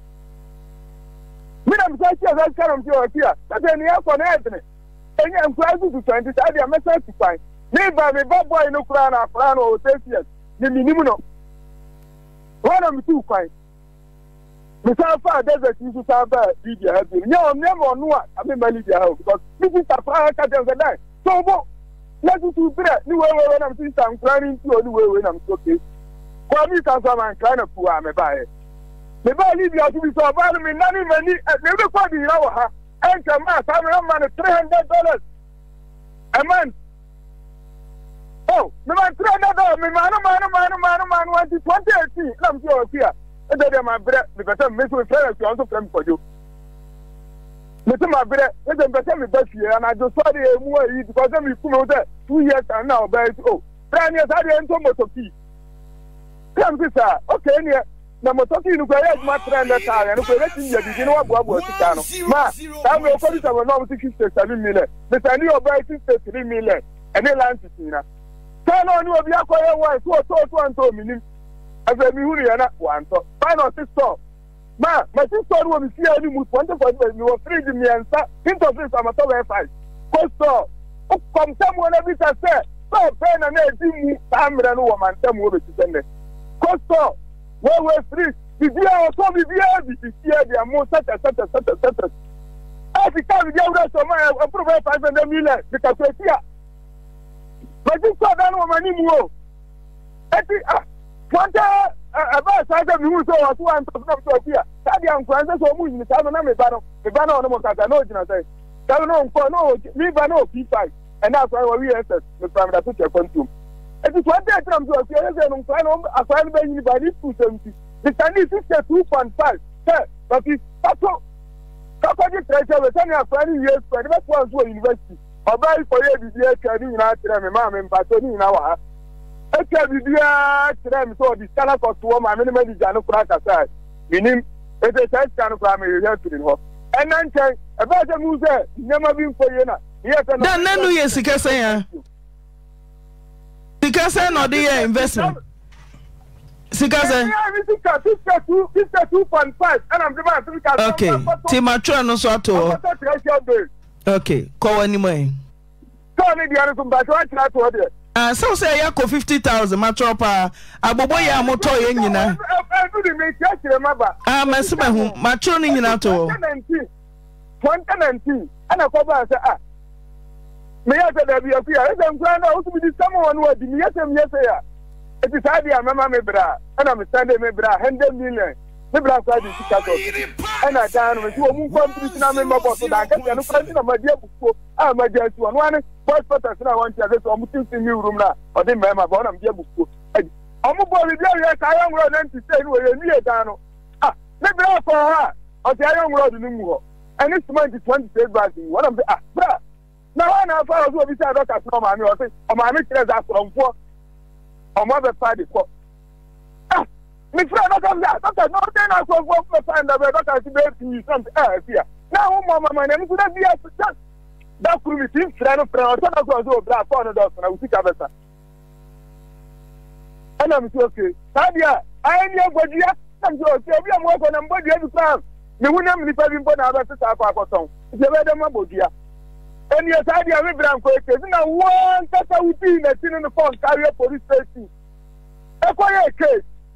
mina msachi a sasi karom ti ɔsi a sase ni akɔ ne ɛdini enye nkura gugu twenty saa deɛ mɛsɛ si kwan ne ba mi ba bɔyi no kura na akora na ɔwɔ sɛsi ne mi nim no wɔn na mi tu kwan mi san fa desert yi so san ba libya ha bi nye wɔn nye wɔn no a ami ma libya ha o because mi ti ta kura ha ka jɛn sɛ dan so bo ne tutu birɛ ni wewe we na mi ti ta nkura ni nti o ni wewe na mi ti o ke kɔ mi so ma nkura na fu a mi ba yɛ ne baa libya so bi sɛ ɔbaa no me nna ne mani mebɛkɔ de yera wɔ ha ɛnkyɛ maa saa mena ma no three hundred dollars a month oh mema three hundred dollars memaa no maa no maa no maa no maa no wanti twenty eighteen na mfi ɔwɔ fia ɛdɛ deɛ mabrɛ mepɛ sɛ mmesi me frɛ no fia ɔnso frɛ me kɔdwo mete mabrɛ ɛdɛ mepɛ sɛ meba fie anadwo sɔre ɛmu a yi because sɛ mekum wo sɛ two years and na ɔbaa si o frɛ neɛ saa deɛ ɛntɔ mɔtɔ pii kram si saa okay neɛ na mọtọ kii nukwu ẹyẹ ẹdwuma tẹrẹ ẹnẹ taa yẹn nukwu ẹrẹsi yẹ bibi ni wa bu abu ọsi no ma taa mi okodi sẹwọn náà ọsi kii state seven million mr ni ọba esi state three million ẹni lanti si na taa náà ni obi akọ yẹ wọn ẹsọ ọtọ ọtọ ọntọ omi ni ẹfẹ mi hu nìyẹn na wà ntọ fine ọsi sọ ma ma si sọ ni wọn mi si ẹni mu twenty forty five mi wọ fridge mmiɛnsa hint of this amatọ wẹ five kò sọ kọmtẹmu ọ na bi sẹ sẹ bẹẹ na na edi mu taa mìíràn wọ màntẹmu ọ bẹ ti sẹ wewe free bibia ọsọ bibia bi sisi ẹbi ẹmu sẹtẹ sẹtẹ sẹtẹ sẹtẹ ẹ ti ká bibia wúlọ sọ ma ẹ ẹpúrò fẹ five hundred million bìkàtú etí à màjí sọ ọdánù ọmọ ní mu o ẹ ti à wọn tẹ ẹ ẹ bá ẹ sáyẹsẹ mi wúlò sọ wọn tó wà ní tọ̀síọ̀ tó ọtí à káàdì à nkùrọ̀ ẹnsẹ̀ sọ ọmú yìí sáà náà mi bá náà mi bá náà ọ̀nà mọ̀ kàkà náà òjìnà sẹ́yìn sáà náà nkọ́ náà mi bá náà ò p5 ẹ̀ náà sọ ẹ wọ vss mi fura mi dà tó tẹ̀ kọ́ntùm eti twenty eight times ọsẹ ẹlẹsẹ ẹnu nkwa ẹnu akwa ẹnu bẹ yinibà ní two seventy the chinese sixty two point five ṣe lọfi kakọ kakọ di tẹrẹsẹ sani akwa ẹni yẹ sọ ẹni bẹ fọ ẹnso wọ yunifásitì ọba ikọ yẹ bibi ẹkẹ ẹni nyinaa kyerẹ mi maa mi mpasẹ ẹni nyinaa wà ha ẹkẹ bibi ẹkyerẹ mi sọ ọdi sálà kọtù wọ maame ni mẹdi gya ne kura kasa mi nim ete sẹ ẹkya ne kura mi yẹ yẹ firi hɔ ẹnna nkyɛn ɛbɛn sɛ mu sɛ nneɛma bi nkɔ yie na yɛ sɛ. dan nanu yɛ sikɛsɛn ya sika sɛ na ɔde yɛ investment sika sɛ. ok ti matura no so ato hɔ ok kɔ wɔ anim ɛ. sọ ni diẹ ni sunba sọ wa kyerɛ ato hɔ deɛ. sẹ́wọ́n sẹ́ yẹ kó fifty thousand matọ́ pa àbọ̀bọ̀ yẹ àmọ́tọ́ yẹ nyina. ah mẹ́sìmẹ̀ hu matọ́ ni nyina tó. twenty nineteen twenty bá a sẹ́ ah meyɛ sɛ daabi afi a ɛsɛ nkura no a wosumi di sɛm wɔ no wadi meyɛ sɛ meyɛ sɛ a ɛti saa mɛma me brɛ ɛna mesande me brɛ a hundred million me brɛ saa de sika sɔ ɛna dan no mesi wɔ mu nkɔ mpiri sina me mmɛbɔ so dan kɛseɛ no kora nti ah, na madi abufuo a magye asi wɔ no ane boys potters no a wɔnte ase sɛ ɔmo tintim ne wurum no a ɔde mmarima ba ɔnam de abufuo ɔmo bɔ biribi awiɛ saa yɛ nworɔ nanti sei no wɔyɛ nuyɛ dan no a me brɛ afɔ hɔ a ɔte ayɛ nworɔ mu hɔ ɛne cement twenty six bags yi wɔnam de a ah, brɛ na wọn na afa ọsọ obi sẹ ẹ dọkita sinọ maame ọsẹ ọmaame kyerẹ ẹsẹ asọrọmfọ ọmọ bẹ pa de kọ ẹ mi fẹ dọkita mi sẹ dọkita náà ọdẹ náà asọrọmfọ bẹ pa ẹ ndabẹ dọkita si bẹ fi sọm ẹ ẹ fi ya náà wọn mọ ọmọọmọ ẹni nkú dẹbi ẹ sẹ dakuru mi ti n fẹrẹ no fẹrẹ ọsẹ dọkita ọsọ obìnrin afọ ọdún dọsán ọsì ká bẹ sá ẹnna mi sọ oke sáà di a ayé ni egbodua ẹnna mi sọ oke obi àwọn ọkọ náà mbọdua bi fáàm mi hu náà mi nípa bi mbọ náà bẹ sísá akọ akọtọ ntẹ bẹ dẹ mọ ɛni ɛsɛ adi ɛmi bira nkɔ eke ɛsi na wɔn kasa wuti n'akyi ne nufa nkari police station ɛkɔ yɛ eke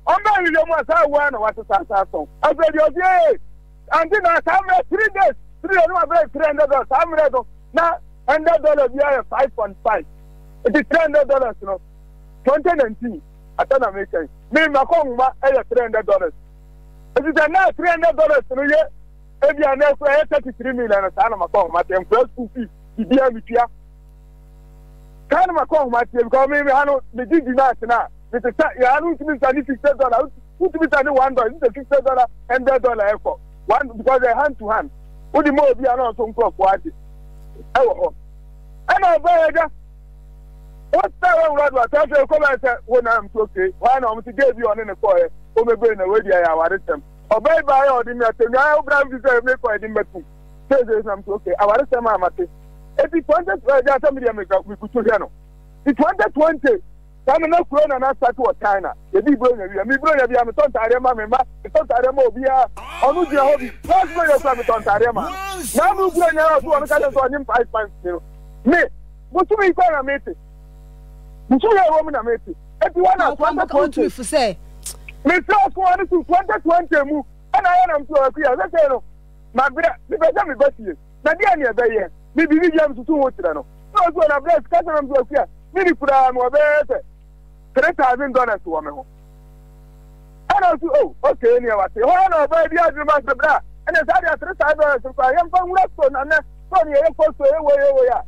ɔmɛ ɛyɛ mu asa awɔ na w'asesa asa sɔn ɛgbɛdi ɔbi ee andi na saa mɛ three days three days ɛnum abɛɛ three hundred dollars saa mɛ do na hundred dollars bi ayɛ five point five eti three hundred dollars no twenty nineteen ata na mi kɛn mi ma kɔ nwoma ɛyɛ three hundred dollars esi sɛ naa three hundred dollars no yɛ ebi anɛ so ɛyɛ thirty three million saa na ma kɔ nwoma tɛ nkura school fees biribiara metua kaa no makɔ ahoma tie because me ha no megye dwuma ase no a mete sa yɛha no wotumi sa ne fifty dollar wotumi sa ne one dollar ne sɛ fifty dollar hundred dollar ɛkɔ one because ɛ hand to hand wode e ma obi a na ɔso nkurɔfoɔ ade ɛwɔ hɔ ɛna ɔbaa yɛgya wọ́n wọ́n wúlò àdúrà tó ń fẹ́ kọ́ báyìí sẹ́ wọ́n náà ń tó ké wọ́n á nà ọmọ ti dé ibi ọ̀nà nìkọ́ yẹ ó mẹ́gbẹ́ náà wọ́n di ẹ̀yà àwárí tẹ̀m ọ̀bẹ ìbáyọ̀ ọ̀dínmẹ́tẹ̀ ní ayé obìnrin fi sẹ́yìn mẹ́kọ̀ ẹ̀dínmẹ́tù ṣé èdè náà ń tó ké àwárí tẹ̀m àmàtẹ́ ebi twenty twenty ɛdi asɛm deɛ mika mikutu hɛ no ti twenty twenty sanni ne kuro nana sati wɔ china ebi buro nya bi mi buro nya bi a mi tɔn taadeɛ ma mi ma mi tɔn taadeɛ ma obi a ɔno gyina hɔ bi last buro nya so a mi tɔn taadeɛ ma naa mi buro nya yɛ ɔso ɔno kata so ɔnye five five zero mi musu mi kɔ na mi ti musu yɛ ɛwɔ mu na mi ti ebi wa na twenty twenty mi fi ɔso ɔno si twenty twenty mu ɛna ayɛ na mi ti ɔyɛ kuya ɛsɛ sɛ no ma bi dɛ mi fɛ sɛ mi bɛ fie na deɛ ni ɛbɛ yɛ bibi bi jam susu wo kyerɛ no na ɔsi ɔna brɛ sika sɛ nam so akua ne ne kuraa no ɔbɛyɛ sɛ three thousand dollars wɔ me ho ɛna ɔsi o okay ne ɛwate hɔ ɛna ɔbɛyɛ bi adwene ma sɛ brɛ a ɛna saa deɛ three thousand dollars nkɔ a yɛmfa nwura so na nɛ so ni yɛyɛ kɔ so yɛwɔ yɛwɔ yɛ a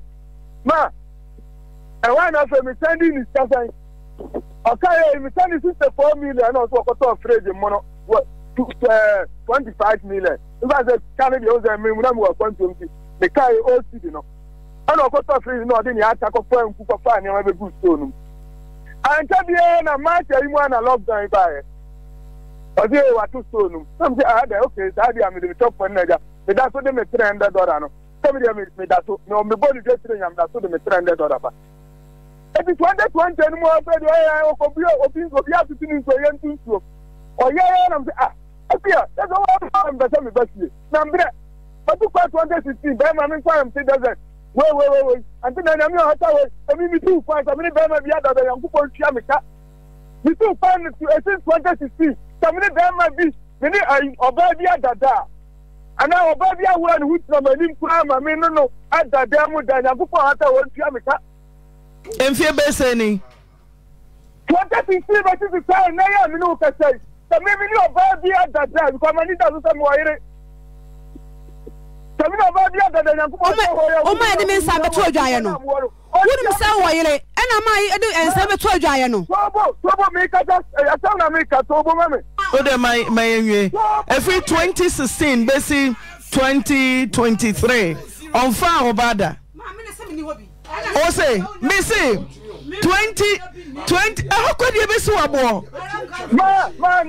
ma ɛwɔ na afɛ mi sɛndi ne sika sɛn ọ̀ka yẹ mi sẹ́ni sixty four million náà sọ ọkọ̀tọ̀ fírèjì mọ́nà eh, twenty five million nígbà tí kánìdì ọ̀sẹ̀ mi múnà mi wà pọ́ǹtì omi mekae ocd no ɛna ɔkɔtɔ fridge na ɔde nea ata kɔfa nku kɔfa nneɛma bɛgu store no mu anka biara na maakya yi mu ana ah, lockdown baeɛ ɔde ee wato store no mu na mo sɛ aha dɛ ok saa deɛ mede metɔ pɔn na agya meda so de me three hundred dollar no sɛ me deɛ meda so na mebɔ ne dwa tire nya meda so de me three hundred dollar ba ebi two hundred twenty no mu ɔfɛ deɛ ɔyɛ ɔkɔbi obi obi atutu ne nsuo ɔyɛ ntu ɔyɛ ɛyɛ eh, na mo sɛ ah ebi a ɛsɛ wɔn ɔfɔ ọdún kọ́ twenty sixteen bẹ́ẹ̀ máa mi kọ́ mt desert wéé wéé wéé wéé àti nàní àmì ọ̀hátà wéé èmi mi tún fún àtàmì ní bẹ́ẹ̀ máa bí yàtọ̀ àtàyàn kúkọ̀ ń tíyà mi ká mi tún fún àmì eighteen twenty sixteen tàmì ní bẹ́ẹ̀ máa bí mi ní ọ̀bá bí àdàdà àná ọ̀bá bí àwòrán ni wọ́n ti nà mọ̀ ní nkúrá àmàmì nínú àdàdà mu dàní àkúkọ̀ ọ̀hátà wọ́n ń tíyà mi ká. èmfie bẹ́ẹ̀ sẹ́ni twenty fifteen bẹ́ẹ̀ ti ti sáyẹn tẹ̀mí náà bá di àgàdà nyankunpọ̀ tó wọ yẹ. o máa yẹ de mi nsa abẹ́tú ọjọ́ ayẹ no wọ́n mi sẹ́ wọ̀ yẹlẹ ẹ̀nà máa yẹ de nsa abẹ́tú ọjọ́ ayẹ no. tóbó tóbó mi kata ẹ̀sán náà mi kà tóbó mẹ́mi. ó dẹ̀ máa yẹ nwie efi twenty sixteen bẹ́sí twenty twenty three ọ̀nfà ọ̀bàdà. o se twenty twenty ẹ̀họ́ kọ́ di ebesi wà bọ̀. máa máa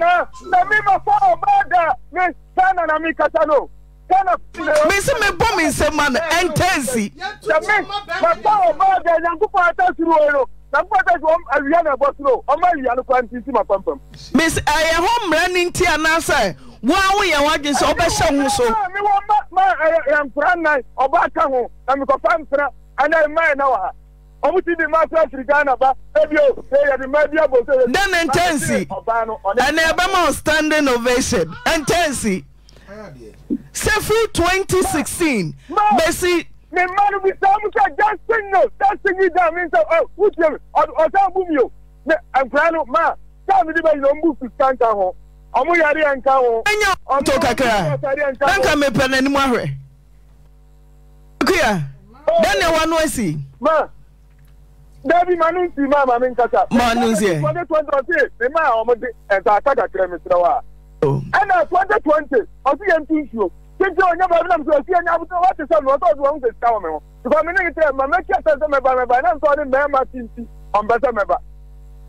na mi ma fọ ọ̀bàdà mi sẹ́ nana mi kata náà mesi mebɔ me nsɛm ma no ɛntɛnsi mes ɛyɛ hɔ mmara no nti eh, anaasɛ eh. wo a woyɛ w'adwen sɛ wobɛhyɛ ho so ọmụ eh, ti di mmasị afiri ghana ba ebi o eya di mma ebi abọ so. dene ntensi ẹna ebe ma ọ standing ovation ntensi sefi twenty sixteen bẹsi. ní bí sáà mú sẹ dancing no yìí dáa mi sẹ ọ wú tiẹ mi ọsàn bú mi o ní nkura no máa sáà mi ní yìí ló ń bú sùkúta nǹkan ho ọmú yàrá yẹn nǹkan ho. ẹ ǹyà ọtọ kakra nanka mepẹ n'anim ahwẹ. kuya dẹ́ni ẹ̀ wá nù ẹ̀ sí. máa dabi ma nu nsi ma ma mi nkasa. ma nu nsi yɛ. twenty twenty twenty mi ma a wɔn de ɛnta akada kyerɛ ɛna twenty twenty ɔsi yɛn ti nsuo titi onye baabi nam so ɔsi yɛn abudu wati sɛ ɔno ɔsɔ ɔdi wɔn sɛ sika wɔ mi ho because mi ne yi tẹ mɛ kí ɛsɛ sɛ mɛ ba mɛ ba ɛna nsɔ ɔdi mɛɛma ti nti ɔmbɛ sɛ mɛ ba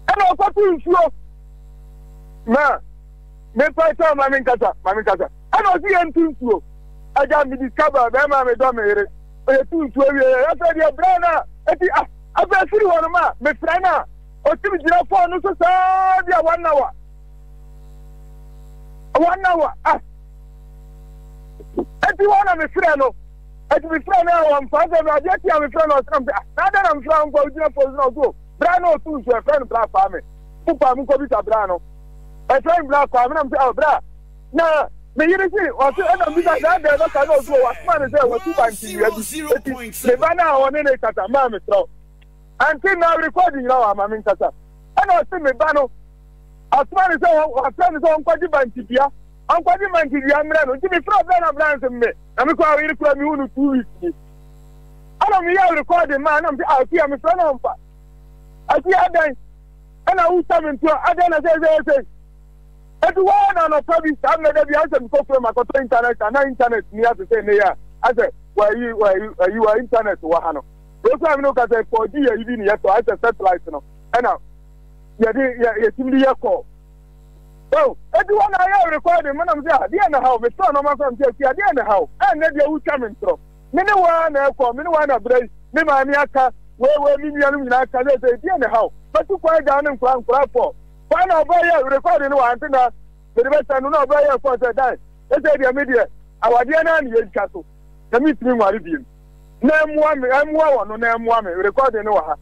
ɛna ɔkɔ ti nsuo ah, mɛ mi pa ɛsɛ maami nkasa maami nkasa ɛna ɔsi yɛn ti nsuo ɛgya mi di sika ba mi dɔ mi yere ɔyɛ ti nsuo wie yɛ ɛsɛ deɛ one hour ah eti wọn na mi firẹ no eti mi firẹ no ẹwọ nfa sẹ mi adiẹ ti a mi firẹ no ọsẹ mi n'adẹ na mi firẹ nkọ ojú ẹfọ ojú náà tó bra náà tún nsọ ẹfẹ nu bra fa mi pupa mi nkọ bi ta bra no ẹfẹ nu bra fa mi na mi sẹ ọ bra na mi yiri si ọsẹ ẹna mi sẹ ẹna dẹ ẹna kan náà tó wà suma ni sẹ wà tuba nti yẹ bi eti mi ba náà wọn ní ní kata mbà mi sọrọ àǹtí náà rìkọ́dì yìí náà wà má mi nkata ẹna ọsẹ mi ba náà asumani sɛ asumani sɛ ɔnkɔgye bantibea ɔnkɔgye bantibea mmerɛ no nti mefrɛ ɔfrɛ no branse mme na mekɔ a woyere kura mehu no two weeks ni ana meyɛ rekɔde ma na mte atia mefrɛ no ɔmfa atia adɛn ɛna wosa me ntoa adɛn na sɛsɛɛsɛ ɛti wɔa na anɔpa bi saa mmerɛ da bi asɛ mekɔfrɛ m akɔtɔ internet ana internet ni ase sɛ ne ya, a asɛ wayi wayi wayi wa internet wɔ ha no wɔsɛ me no ka sɛ 4g yɛ yi bi ne yɛtɔ asɛ satellite no ɛna yɛde yɛtumi de yɛ kɔ o oh, edi wɔn a yɛ rekɔdi mu nam sɛ adeɛ na ha o mi sɔɔ na ɔmo asɔm sɛ esi adeɛ na ha o ɛnna deɛ wutwa mi ntorɔ mi ne wɔn na ɛkɔ mi ne wɔn na abira yi mi maa mi aka wee wee mi nua no nyinaa aka ne sɛ adeɛ na ha o bɛtu kwan gya ne nkura nkura pɔ kwan na ɔbɛ yɛ rekɔdi no wante na mede bɛ sɛn no na ɔbɛ yɛ fɔ sɛ dan ɛsɛ deɛ mi deɛ awadeɛ naa ne yɛ ntwa so na mi tiri nware biem na ɛmoa mi ɛmoa wɔn no na ɛmoa mi rekɔdi no wɔ ha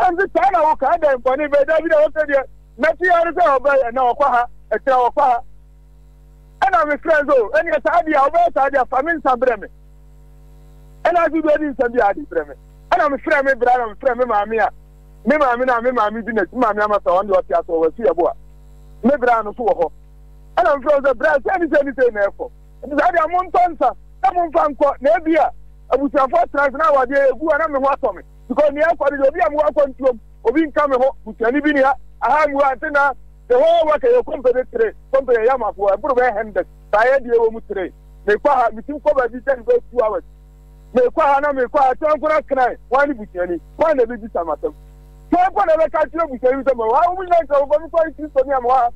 ɛnti saa na wɔka ada mpɔne bɛ da bi na wɔka deɛ mɛti yɛre sɛ ɔbɛyɛ na wɔkɔ ha ɛkyerɛ wɔkɔ ha ɛna me frɛ so ɛneɛ saa deɛ a wɔbɛyɛ saa deɛ fa me nsa brɛ me ɛna ase bi adi nsa bi ade brɛ me ɛna me frɛ me bra na me frɛ me maame a me maame na me maame bi na ti maame ama sa wɔn deɛ ɔte asɔ wɔ si yɛ bo a me bra no so wɔ hɔ ɛna me frɛ so bra sɛ ɛni sɛ ɛni sɛ ɛna ɛfɔ ɛni saa deɛ mo ntɔ nsa na mo nfa nkɔ na ebi a abusuafoɔ tena ase na awadeɛ egu a na because ni akɔri obi a mu akɔ ntuom obi nka mi hɔ busuani bi ni ha aha mu ante na the whole work yɛ kɔmpe de tere kɔmpe yɛ yam afɔ ɛburu bɛ hɛndɛs saa yɛ deɛ wɔ mu tere mekɔ ha misi nkɔ baabi sɛ nbɛ two hours mekɔ ha na mekɔ ha tɛn nkɔla kran wɔn ni busuani wɔn na ebi bi sama tɛm tɛn kɔ na ɛbɛ ka kyerɛ busuani sɛ mɛ wɔn awo mu nyɛ nkyɛn wɔn mi kɔ ekiri sɔ ni amu ha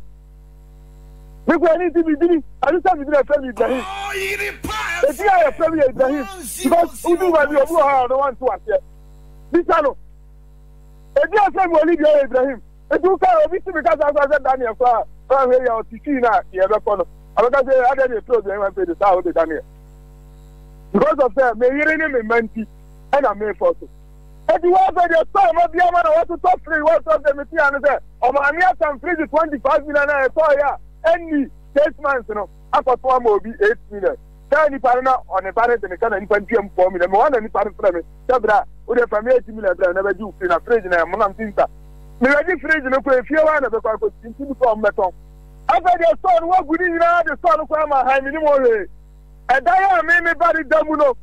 gbogbo ẹni ti mi diri alisa mi diri ẹfẹ mi ibrahim ètí ayẹfẹ mi ibrahim because udu wa mi òwúrọ̀ ha ọ̀nà wa n tún wà sí ẹ bisa no ebi ase mi oli bia ibrahim etu ka obi si mi kasa asase daniel kora kora hwɛ yɛ ɔti kii na yɛ bɛ kɔ no abɛka sɛ adɛ de etu obiara wɛn pe de saa o daniel because of sɛ me yiri ne me mɛnti ɛna e me fɔ so eti wɔn fɛ de tɔ ɔmɔ bi ama na wɔtɔ tɔ firi wɔtɔ fɛ mi ti yan sɛ ɔmɔ ani atam firi twenty five million na ɛtɔ yɛ a ɛni six months no akɔtɔ ama obi eight million sɛ nipa no na ɔnipa ne de ne ka na nipa ntɛ mu four million mɛ wɔn na nipa no fira mi sɛ bira. o de faamuya eti mi na bila ne bɛ na firiji na mun na n ti ta mɛ bɛ di firiji ne ko ye fiye waa bɛ kɔ ti tɔn afɛ de sɔɔni ha ni mo ye ɛda yɛ mi mi ba di dɛmu no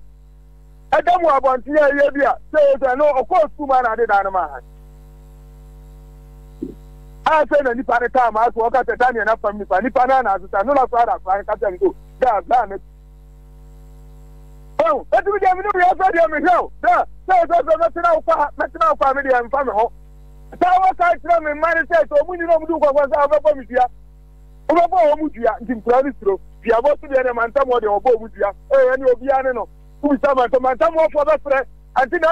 ɛdɛmu abɔntinyɛ bi a sɛ ko su ma na de da ne ma ha a sɛ na nipa ne taa ma a sɔ taa ni yɛ na fam nipa nipa na n'o la sɔ a da fa ka tɛ gaa ne. sɛ mɛtena oh, wo kɔa mɛtena wo kɔa me deɛ mfa me hɔ sɛ wɔka kyerɛ me mma ne sɛ sɛ ɔmu nyina ɔmde wokɔkɔ sɛ wobɛbɔ me dua wobɛbɔ wɔ mu dua nti nkura no suro duabɔ so deɛ ne mantam ɔde ɔbɔ mu dua ɛne obiaa ne no wobisa mantam mantam wɔfoɔ bɛfrɛ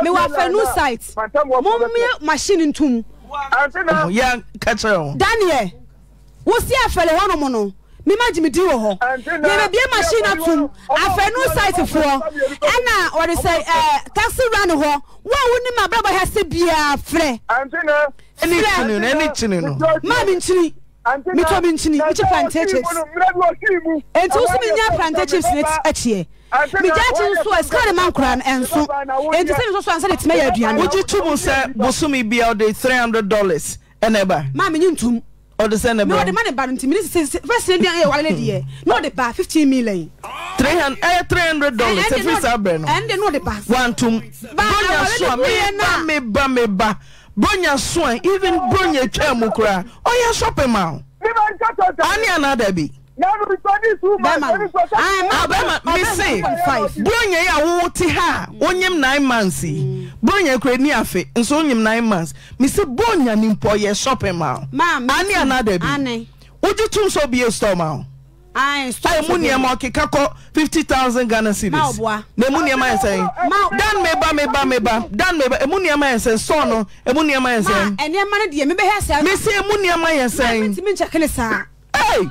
mewɔ afɛnu site mommie machine ntom yɛ ka kyerɛ ho daniel wosi afɛle hɔ nom no mímá jìmìdì wọ hɔ mímìbí machine atum afẹnu site foɔ ɛna wɔde sɛ ɛɛ taxi run hɔ wɔn uh, uh, uh, a wɔnim abɛbɔ ha se biara frɛ frɛ maami nkyini mitɔ mi nkyini mi kye plantain chips nti wosu mi nya plantain chips ne akyiɛ migya akyi nso a sikari ma nkura nso nti sɛ mi nso so ansa de tìmɛ yɛ aduane. wogye tu mu sɛ bosomi bia ɔde three hundred dollars ɛna ɛba. maami nyi ntum ọdún sẹ́ni bẹ́ẹ̀. n'o de ma de ba ni ti mi ni sise first lady yẹn wale de hmm. n'o de ba fifteen million. three hundred ẹ three hundred dollars ẹ fi sa bẹ̀rẹ̀ nù. ẹ ndé n'o de ba. wantum bronya sùn mi ba mi ba mi ba bronya sùn even bronya twẹ́ mu kura ọ yẹ shopping mall. bí wọ́n ń tọ́tọ̀ tọ́. a ní àná dàbí. yàrá ìtọ́ ní sùúrù àbẹ́mà mi sè bronya yà wọ́n ti ha wọ́n nine months yìí bonya kura ni afe nso nyim nine months mesi bonya ni mpɔ yɛ shopping ma ani anada bi ojú tún so bie store ma o ayi mu ni ɔkeka kɔ fifty thousand ghana cedis na ni nneɛma yɛ sɛn dan meba meba meba dan meba emu nneɛma yɛ sɛn store no emu nneɛma yɛ sɛn nneɛma no deɛ mebe hɛ sɛn mesi emu nneɛma yɛ sɛn mɛ ti mi n kyɛkɛ ne saa ɛyi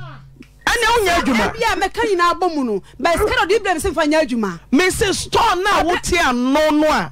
ɛna o nya adwuma ebi a mɛka nyinaa no. mu no bɛsikɛrɛ ɔdi ibrahim sɛ nfa nya adwuma mesi store naa wotia no no a.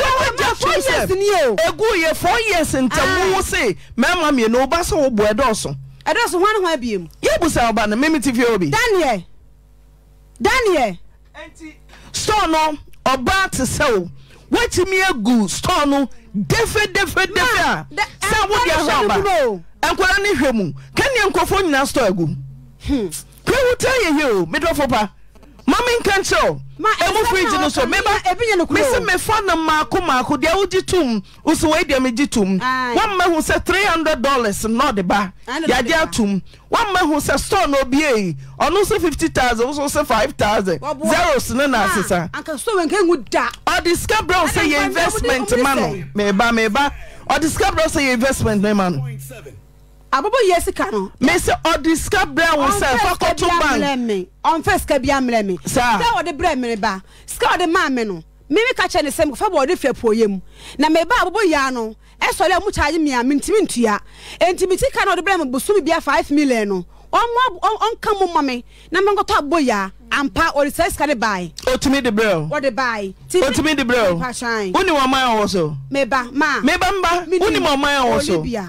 wọ́n jẹ́ four years ni o. egu yẹ four years ntẹ̀mú wọ́n sè mẹ́ẹ̀mà mìínú ọba sọ wọ́n bọ̀ ẹ̀dọ́sùn. ẹ̀dọ́sùn wọn ni wọn bìí mu. yẹ busa ọba ni mímí ti fi obi. daniel daniel. store no ọba ti sẹ o wẹ́tìmí egu store no defedefe a sẹ wọ́n di ẹ̀họ́ ọba nkwadaa ni hwẹ́ mu kẹ́ni nkọ́fọ́ nyinaa store egu. kwewu tẹ́ yẹ yẹ o mídọ́fọ́ pa mami nkankyẹ́ o ɛmu firiji no so mesi mefa no maako maako deɛ wogye tom woso wei deɛ megye tom woamma hu sɛ 300 dollars na ɔde ba yɛade atom woamma hu sɛ store no obiei ɔno nso 50000 woso sɛ 5000 zeros ne na asesa ɔde sika brɛ wo sɛ yɛ investment ma no meba meba ɔde sika brɛ sɛ yɛ investment ma no abobo yɛ sika no. mi sɛ ɔdi sika brɛ wo sɛ fakɔtu bank. ɔnfɛ sika bi amlɛ mi. saa sika ɔdi brɛ mi ba sika ɔdi maa mi no mímí ka kyɛ ne sɛm fa bɔ ɔdi fɛ pɔyɛ mu na mɛ ba abobo yɛ ano ɛsɔre a mu kyaagye mia mi ntumi ntua ntumi ti ka na ɔdi brɛ mi bosom bia five million no ɔmo ɔnka mu mami na mɛ nkɔtɔ abobo yɛ ampa ɔdi sɛ sika de baayi. otumi di brɛ o. ɔdi baayi. otumi di brɛ o. wúni wọn mayɛ wɔ so. mɛ ba maa. mɛ ba mba wúni wọn mayɛ wɔ so. olibia.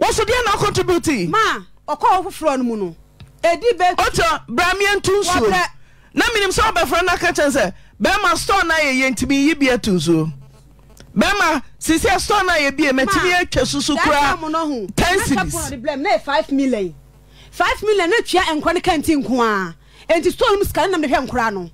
wɔso deɛ na contribute ma ɔkɔ foforɔ no mu no ɛdi bɛ ɔtɔ bramiɛ nto nsuo na menim sɛ ɔbɛfrɛ no aka kyɛn sɛ bɛrima store no ayɛ yɛntimi yi bi ato nsuo bɛrima sisia store no ayɛ bie matumi atwa susu koraa ten cities five million na tua nkwa ne kanti nko a nti store no mu sika ne nam ne hwɛ nkora no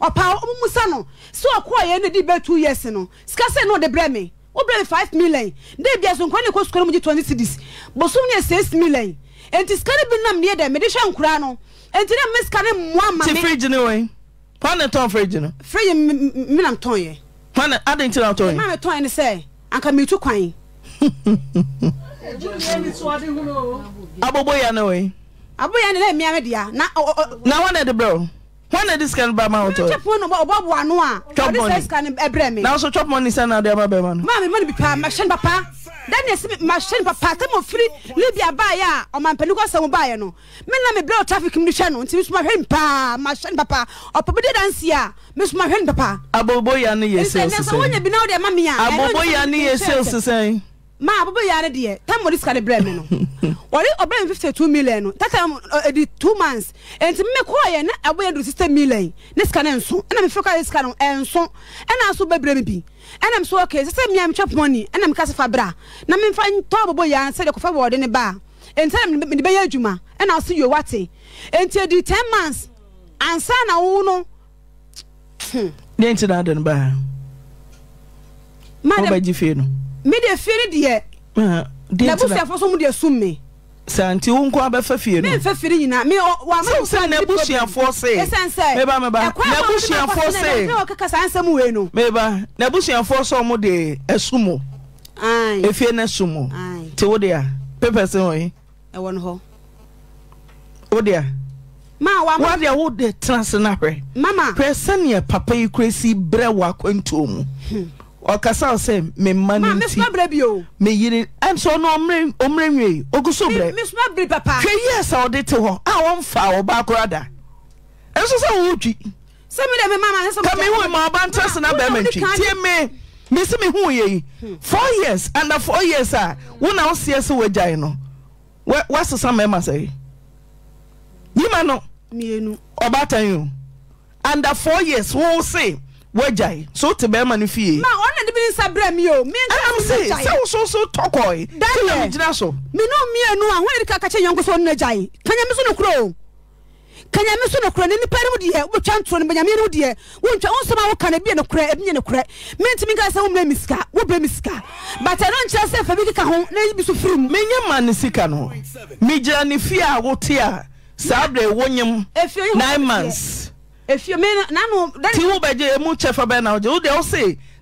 ɔpa ɔmo musa no sɛ ɔkɔɔ yɛ no di bɛ two years no sika sɛ na ɔde brɛ me wobere five million de bia so nkwa ne kɔ sukuu no mu gye twenty cities bosom ne six million nti sika ne bi nam neɛ dɛ mede hwɛ nkura no nti ne mme sika ne mmoa ma me. ti fridge ni wɔn kwan na tɔn fridge no. fridge mi nam tɔn yɛ. kwan na adi nti na tɔn yɛ. maame tɔn yɛ ni sɛ anka mi tu kwan. aboboya ni wɔn. aboboya ni ne mmea mi di ya na. na wɔn na ɛdi brɛ o wọn na disika no ba ma wotɔ. twɛ pon na ɔbɔ bu ano a. twɛ pon ni disika ni ɛbrɛ mi. n'aso twɛ pon ni sɛ n'adi aba bɛɛ ma no. maami ma ni bi paa ma papa dani esi ma hyɛn papa tɛ mo firi libya baayɛ a ɔman pɛnikɔ sɛn baayɛ no mi na mi bila o traffic mi hwɛ no nti mi suma hwɛ ni paa ma hyɛn papa ɔpɔbi de dansi a mi suma hwɛ ni papa. aboboya ni yɛ sales sɛn. aboboya ni yɛ sales sɛn. Ma, bɔbɔ yi ara deɛ tɛm wɔde sika de brɛ mi no wɔde ɔbrɛ mi fifty two million no tata mu ɛdi eh, two months nti mi kɔɔ yɛ ne ɛbɔ yɛ do sixty million ne sika ne nso ɛna mi fɛ ka yɛ sika no eh, ɛnso ɛna aso bɛbrɛ mi bi ɛna mi so ɔkɛ sɛ mi a mi twɛ pɔnni ɛna mi ka se fa bra na mi nfa ntɔ bɔbɔ yi ara sɛ de kɔfɛ wɔde ne ba nti ɛna mi de bɛyɛ adwuma ɛna ɔsi yɛ wate nti ɛdi e ten months ansa na wo no. deɛ nti na adɛ no baa. ɔbɛgye mi de fie ni deɛ n'abusuafo so mu de sum mi. santi wo nko abɛfa fie no. mi nfa fie nyinaa mi wa ma n sɛ n'abusuafo se. esan sɛ meba meba n'abusuafo se. ɛkɔ ɛkɔ kaka saa nsɛm wei no. meba n'abusuafo so ɔmo de ɛsum o. efie na sum o. te wo de a pepɛ se wɔn yi. ɛwɔ no hɔ. wo de a. wa ma wade a wo de tena na hwɛ. mama pɛ sɛnea papa yi kura si brɛ wɔ akwantuo mu. Hmm ɔkasa sɛ me mma no nti me yiri ɛm sɛ ɔno ɔmmerɛ nwie ɔgu so Papa. hwɛ yie sɛ ɔde te hɔ a wɔmfa ɔba akora da ɛnso sɛ wowɔtwi ka mehu ma ɔba ntra se na bɛrima ntwi tie me hu mehu yei four years under four years a wo na woseɛ sɛ woagyae no woasesa mmarima sɛe ma no Mienu. ɔbaatan o under four years wo se woagyae so wote bɛrima no fie de nsa brɛ mi o mi nka mi na gya yi. sɛw soso tɔkɔ yi kí lè mi gyina so. minnu mienu a wọn yɛrɛ kaka kyɛ yɔnko so ɔnna gya yi kanyami so ne kuro o kanyami so ne kuro ne nipa ne mu deɛ wotwa ntoro ne banyami ne mu deɛ wontwa wɔn sɔm a wɔka na ebi yɛ ne kura ebi yɛ ne kura mintimi nka sɛ wɔn bɛ mi sika wɔn bɛ mi sika bata ɛna nkyɛn sɛ fɛbi keka ho na ebi so firi mi nye maa ne sika no mi gyina ne fie a wote a saa abirɛ wo nyim nine months. efio mi nanu. ti wo bɛ gye emu kyɛfa bɛ na ɔgye wo deɛ ɔse.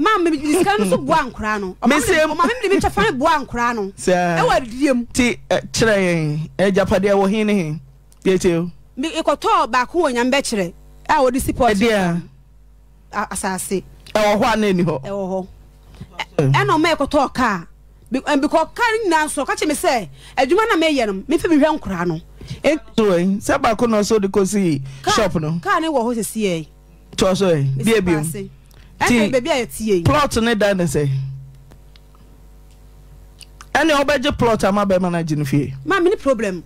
maame sika no so boa nkora no ɔmame mede bi kyɛfa no boa nkora no ɛwɔ adidie mu nti kyerɛ yɛn agyapadeɛ wɔ hen ne he deɛkyɛo ɛkɔtɔɔ baako wɔ nyame bɛkyerɛ a wɔde si pɔt asase ɛwɔ hɔ a na ɛni hɔ ɛwɔ hɔ ɛna ɔma ɛkɔtɔɔ kaa bikɔ kaa no nyinaa nso ɔka kyerɛ me sɛ adwuma na meyɛ no mefɛ mehwɛ nkora no e- sɛ baako na ɔsɛ wode kɔsii shop no kaa ne wɔ hɔ sɛsiɛ tɔ so ɛ bia bio ti plot ne dan ne sɛ ɛne ɔbɛgye plot ama bɛrima no agye no fie maame ne problem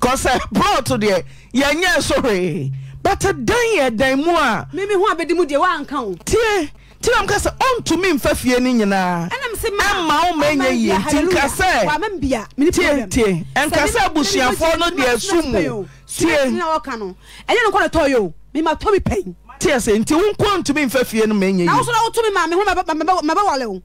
kɔsɛ plot deɛ yɛnyɛ sɔree but dan yɛ dan mu a mimi ho abɛdi mu deɛ woanka wo tie tie am ka sɛ ɔntumi mfa fie no nyinaa ɛma wo ma ɛnyɛ yie nti nka sɛ tie tie ɛnka sɛ abusuafoɔ no deɛ su mu tie ɛnyɛ no kɔ ne tɔɔ yɛ o mema tɔ me pɛi te ase nti wo nko ntumi nfa fie no ma enye yi. na wosoro wotumi maa mi ho ma bɛ wale o.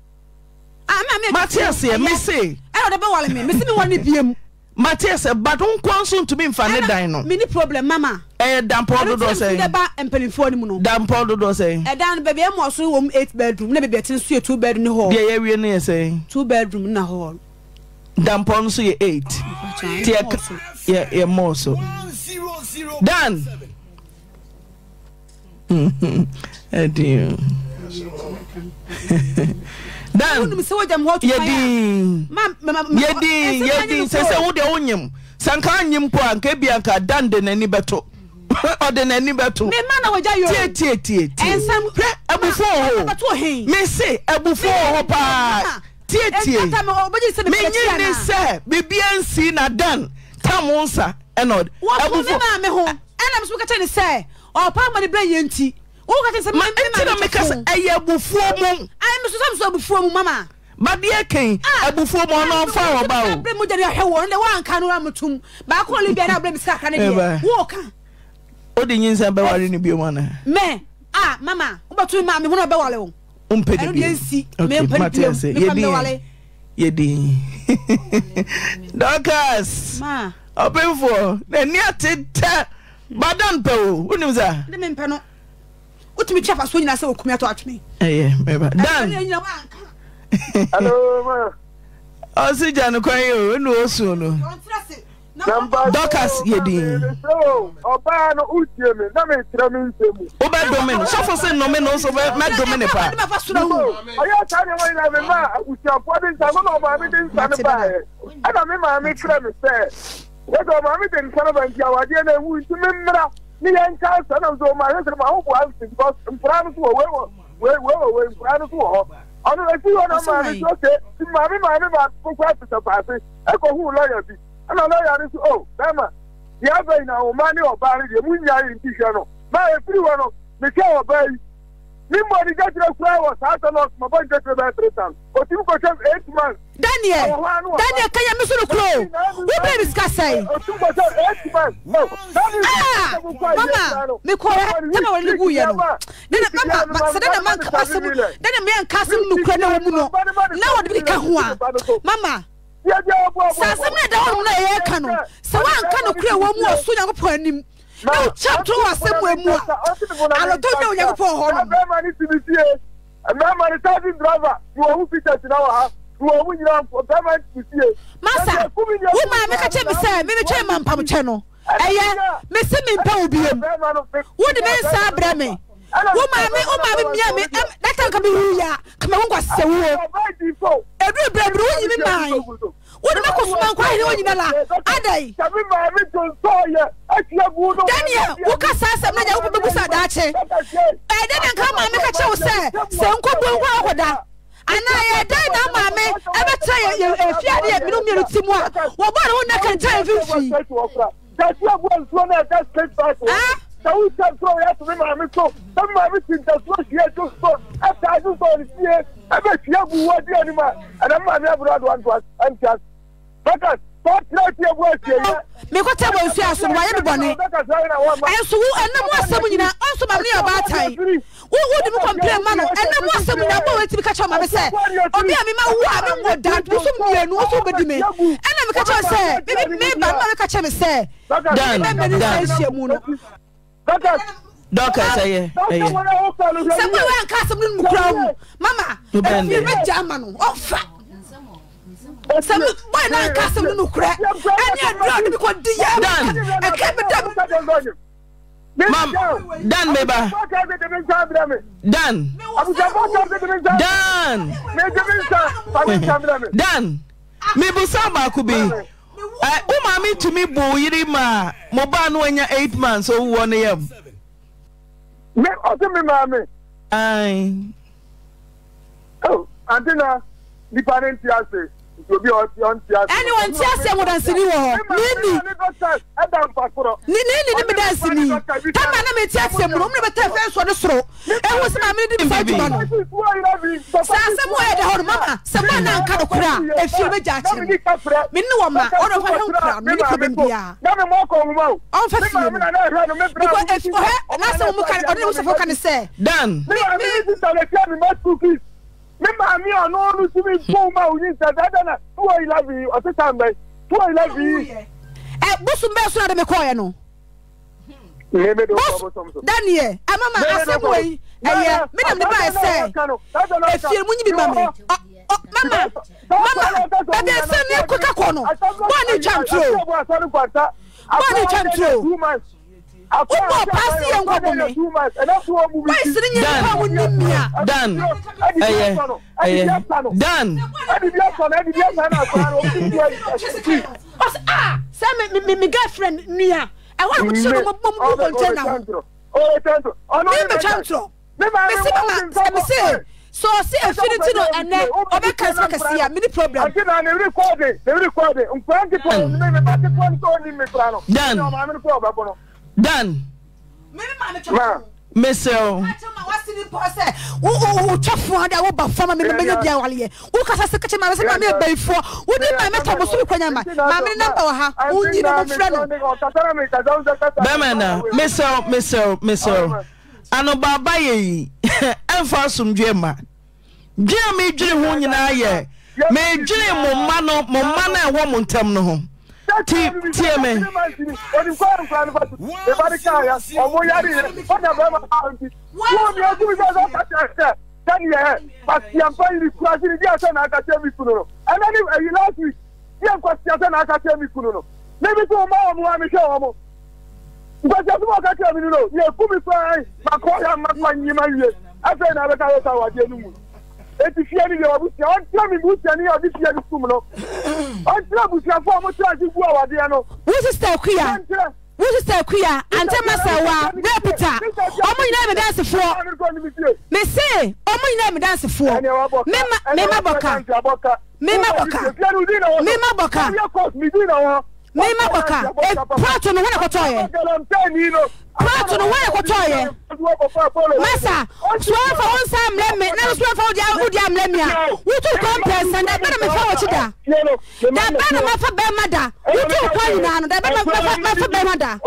ma ah, te ase mi se. ɛna ɔde bɛ wale mi mi si mi wɔ ne bie mu. ma te ase but wo nko nso ntumi nfa ne dan no. mi ni problem mama. ɛyɛ eh, dampɔ dodo sɛn. ɛni tí n ba mpanimfoɔ ni mu no. dampɔ dodo sɛn. ɛdan no bɛbi emu ɔso wɔm eight bedroom na bɛbi ɛti nso yɛ two bedroom ni hall. deɛ yɛ wie ne yɛ sɛn. two bedroom na hall. dampɔ nso yɛ eight. tiɛ yɛ mɔɔ so. dan. ɛdin sɛ sɛ wo wo nyim sɛ nka anyim po a nka bi anka dan de n'ani bɛto ɔde n'ani bɛto tie hɔ mese abufoɔ wɔ hɔ paa tie tie sɛ bibia nsii na dan tam nsa ɛna ọ̀pá amadibire yẹn ti wọ́n kà sẹ́ mi mi ma mi kẹ́ fún un. ẹyẹ ebufuo mu. ayi mi sọ́sọ́ mi sọ ebufuo mu mama. badeɛ kɛn ebufuo ah, mu ɔnà ɔfa wɔ ba o. abirɛ mu jɛni ahwɛ wɔn dɛ wɔn anka no wɔn mu tum baako olu bi anabirɛ mi sika kan ne deɛ wɔn kan. o de nyinsa bɛ wari ni bi mu ana. mɛ a mama o bɛ tun maa mi hun na bɛ o. o mpɛ de bi ɛnu de nsi mɛ mpɛ de bi o mi fa mi bɛ wale. yɛdin dɔkas ɔpɛnfoɔ n'ani bada mpɛ o o wonim sa ne me mpɛ no wotumi twa fasoɔ nyina sɛ wɔkumi atɔ atwene ɛyɛ bɛba dan ɔse gya no kwan yɛ o ɛne ɔsuo no dɔkas yɛ din ɔbaa no wotie me na menkyerɛ me nsɛ mu wobɛdome no sɔfo se nnome no so mɛdome ne paa ɔyɛ saa nneɛma nyina me ma abusuafoɔ de nsa no na ɔmaa me de nsa no baeɛ ɛna me maa me kyerɛ me sɛ wọ́n maame de nsọ́nà bẹ̀ nti awadeɛ na ewu ntumi mmira ne yɛn nka sɛ na nso maame sɛ maame bɔ asi because nkura no so wɔ wei wɔ wei wei wɔ wei nkura no so wɔ hɔ ɔno esi hɔ na maame so se ti maame maame ba koko asesɛ paase ɛkɔ hu lɔya bi ɛna lɔya no so o bɛrima deɛ abɛyi na ɔmaa ne ɔbaa no deɛ mu nyaa yi nti hwɛ no maa nígbà òní jẹ́jẹrẹ kúrẹ́ wọ̀ sáàtọ̀ náà mọ̀ bọ́ jẹ́jẹrẹ bẹ́ẹ̀ tẹ̀lé tán o ti kò ṣe eight man. daniel oh, daniel kẹyà mi sunu kuro wí bẹ́ẹ̀ mi sika sẹ́yìn. o ti kò ṣe eight man. mama mi kɔrɔ dama wɛrɛ ni b'u yɛ no dana mama sɛ dana man ka asem dana mi yɛ nka asem nu kura n'awo mu no n'awo de bi ka ho a mama sasɛm na da hɔ nom na yɛ ka no sɛ wɔn anka no kura wɔn mu ɔso nyankopɔn anim na kyɛnto asɛm wɔ mu a anɔtɔ nya onyankopɔn hɔ no mmarima ne tumi sie mmarima ne taxi driver ne wɔ ho fitas na wɔ ha ne wɔ ho nyinaa mmarima ne tumi sie masa wo maa meka kyɛ me sɛ memetwɛn ma mpamkyɛ no ɛyɛ mese mempɛ wo biam wode me nsa abrɛ me wo maame wo maame mia me data nka mehuya kama wo nkwasɛ wo ɛduru berɛberɛ wo nyimi mae wọ́n ní mẹ́kọ̀ọ́ sọ́mọ́ nkọ́ yẹn wọ́n nyinala adayi. sami maami tó n sọ yẹ ẹ tiẹ bu ní. daniel wò ká sá sẹ́mu náà yẹ wò bẹ́ẹ̀ busa dàkye. ẹ daniel ká maami ká kyẹ́wò sẹ́ sẹ́ nkó bu nkó ọkọ̀ da. ana yɛ dan na maame ɛbɛ tẹ yɛ yɛ efia de yɛ minnu mmienu ti mu a wɔ bɔ ne ho na kɛntɛn mfimfini. sáwù sẹ́ńtúrọ̀ yẹ tún ní maami tó sẹ́mi maami ti ntẹ̀síwọ̀ sí ẹjọ́ sọ ẹ̀ tààjú sọ̀rọ̀ sí ẹ ẹ bẹ̀ tiẹ̀ bu wọ́ọ́dí ẹni mà ẹ̀ dẹ́ maami abúlé àdúrà ntí àti mekɔtɛ bɔ nsu asom wayɛ me bɔne ɛnso wo ɛnɛ mo asɛm nyinaa ɔnso ma mene yɛ ɔbaatae wode me kɔmplɛn ma no ɛnɛ mo asɛm nyinaa ma wɔatimi ka kyɛ ma me sɛ ɔbi a mema wo a mewɔ da wo so mmienu wo so wobɛdi me ɛna meka kyɛ sɛ meba no ma meka kyɛ me sɛ mebɛmani sɛ ahyia mu no dɔkɛ sɛ yɛ ɛyɛ sɛ mo wɛ nka asɛm no nomukura wo mama ɛfiri bɛgya ama no ɔmfa sɛ bɔyɛ na nka asɛm no nokorɛ ɛne adura no bi kɔdi yɛ dan ɛka bi da Mam, Dan beba. Dan. Dan. Dan. Me busa baako bi. Eh, wo maame tumi bo yiri ma mo ba no anya 8 months owuo ne yam. Me ɔte me maame. Ai. Oh, antina nipa ne nti ase obi ọtí ọntí ase. ẹni wọn ti ase mu dansini wọ họ nini nini ni mi dansini tẹmẹ ne mi ti ase mu na omi bɛ tẹ fɛn sɔ ne soro ehu si maa mi ni mi fɛn tuma no saase mu ɛyɛ dahoro mama sɛmu ana nka no kura efi o bɛ gya akyere mu mi ni wɔn ma ɔdɔ fɔ ɛhɛn kura mi ni kura bɛ n bia ɔn fɛ si yɛ mu bikɔ efi ɔhɛ n'asɛn mu ka ni ɔdi ne mu sɛ fɔ ka ni sɛ. dan. mi mi me maame a ɔno ɔno si mi gbɔn ma oyin sɛ dada na two oh eleven ɔteta mbɛ two oh eleven. ɛ busu mbɛ so na de mi kɔɔ yɛ no. busu daniel amama asɛm wɔ yi ɛyɛ mi nam ne ba yɛ sɛ efie mu nyi bi ma mi mama mama baabi ɛsɛ ne kɔkakɔ no bɔɔl ne twɛnturo bɔɔl ne twɛnturo wokɔ paase yɛ nkɔbɔme boys no nyɛ nipa wo ni mia dan ɛyɛ ɛyɛ dan ɔs a sɛ me me me girlfriend nua ɛwɔ a wokyerɛ oh, oh, oh, no mɔbɔ mu kɔntɛna ho membɛtwa ntorɔ mesi mama sɛ mese so ɔsi efiri ti no ɛnɛ ɔbɛ kɛse kɛse ya mini problem. ati na ne wuli kɔɔde ne wuli kɔɔde nkura ti tɔ ne mi ba ti tɔ ni tɔ ni mi kura no. dan ne ɔmaa mi ni kɔ ɔbɛ bɔ no. dan mesɛo wotwafoa de a woba fama mene mɛnya bia waleyɛ wokasa sɛ kakye mame sɛ mame ɛbaifoɔ wode ma ma namba ha na ma a medwene ho nyinaa yɛ mo no mo e tie me. sɛdeɛ kwasiampa yiri kurase ne deɛ sɛ naaka kyerɛ me kunu no ɛna ne ayi last week deɛ kwasia sɛ naaka kyerɛ me kunu no eti fie ni yɛ wabusua ɔnkyerɛ mi busua ni yɛ ɔdi fie ni sum no ɔnkyerɛ busuafo a wɔtɔ ɛti gu awadeɛ no. wo sista kuya wo sista kuya antemasawa repita ɔmo nyinaa mi dansifoɔ mese ɔmo nyinaa mi dansifoɔ mema bɔka mema bɔka mema bɔka. mema kɔka prato no wo na prato no wo na masa soafa wo nsa mmerɛ me na soafa wode ammerɛ me a wotu mefa wɔkyi da da mafa bɛrima da wotu kɔ nyinaa no da ɛbɛ mafa bɛrima da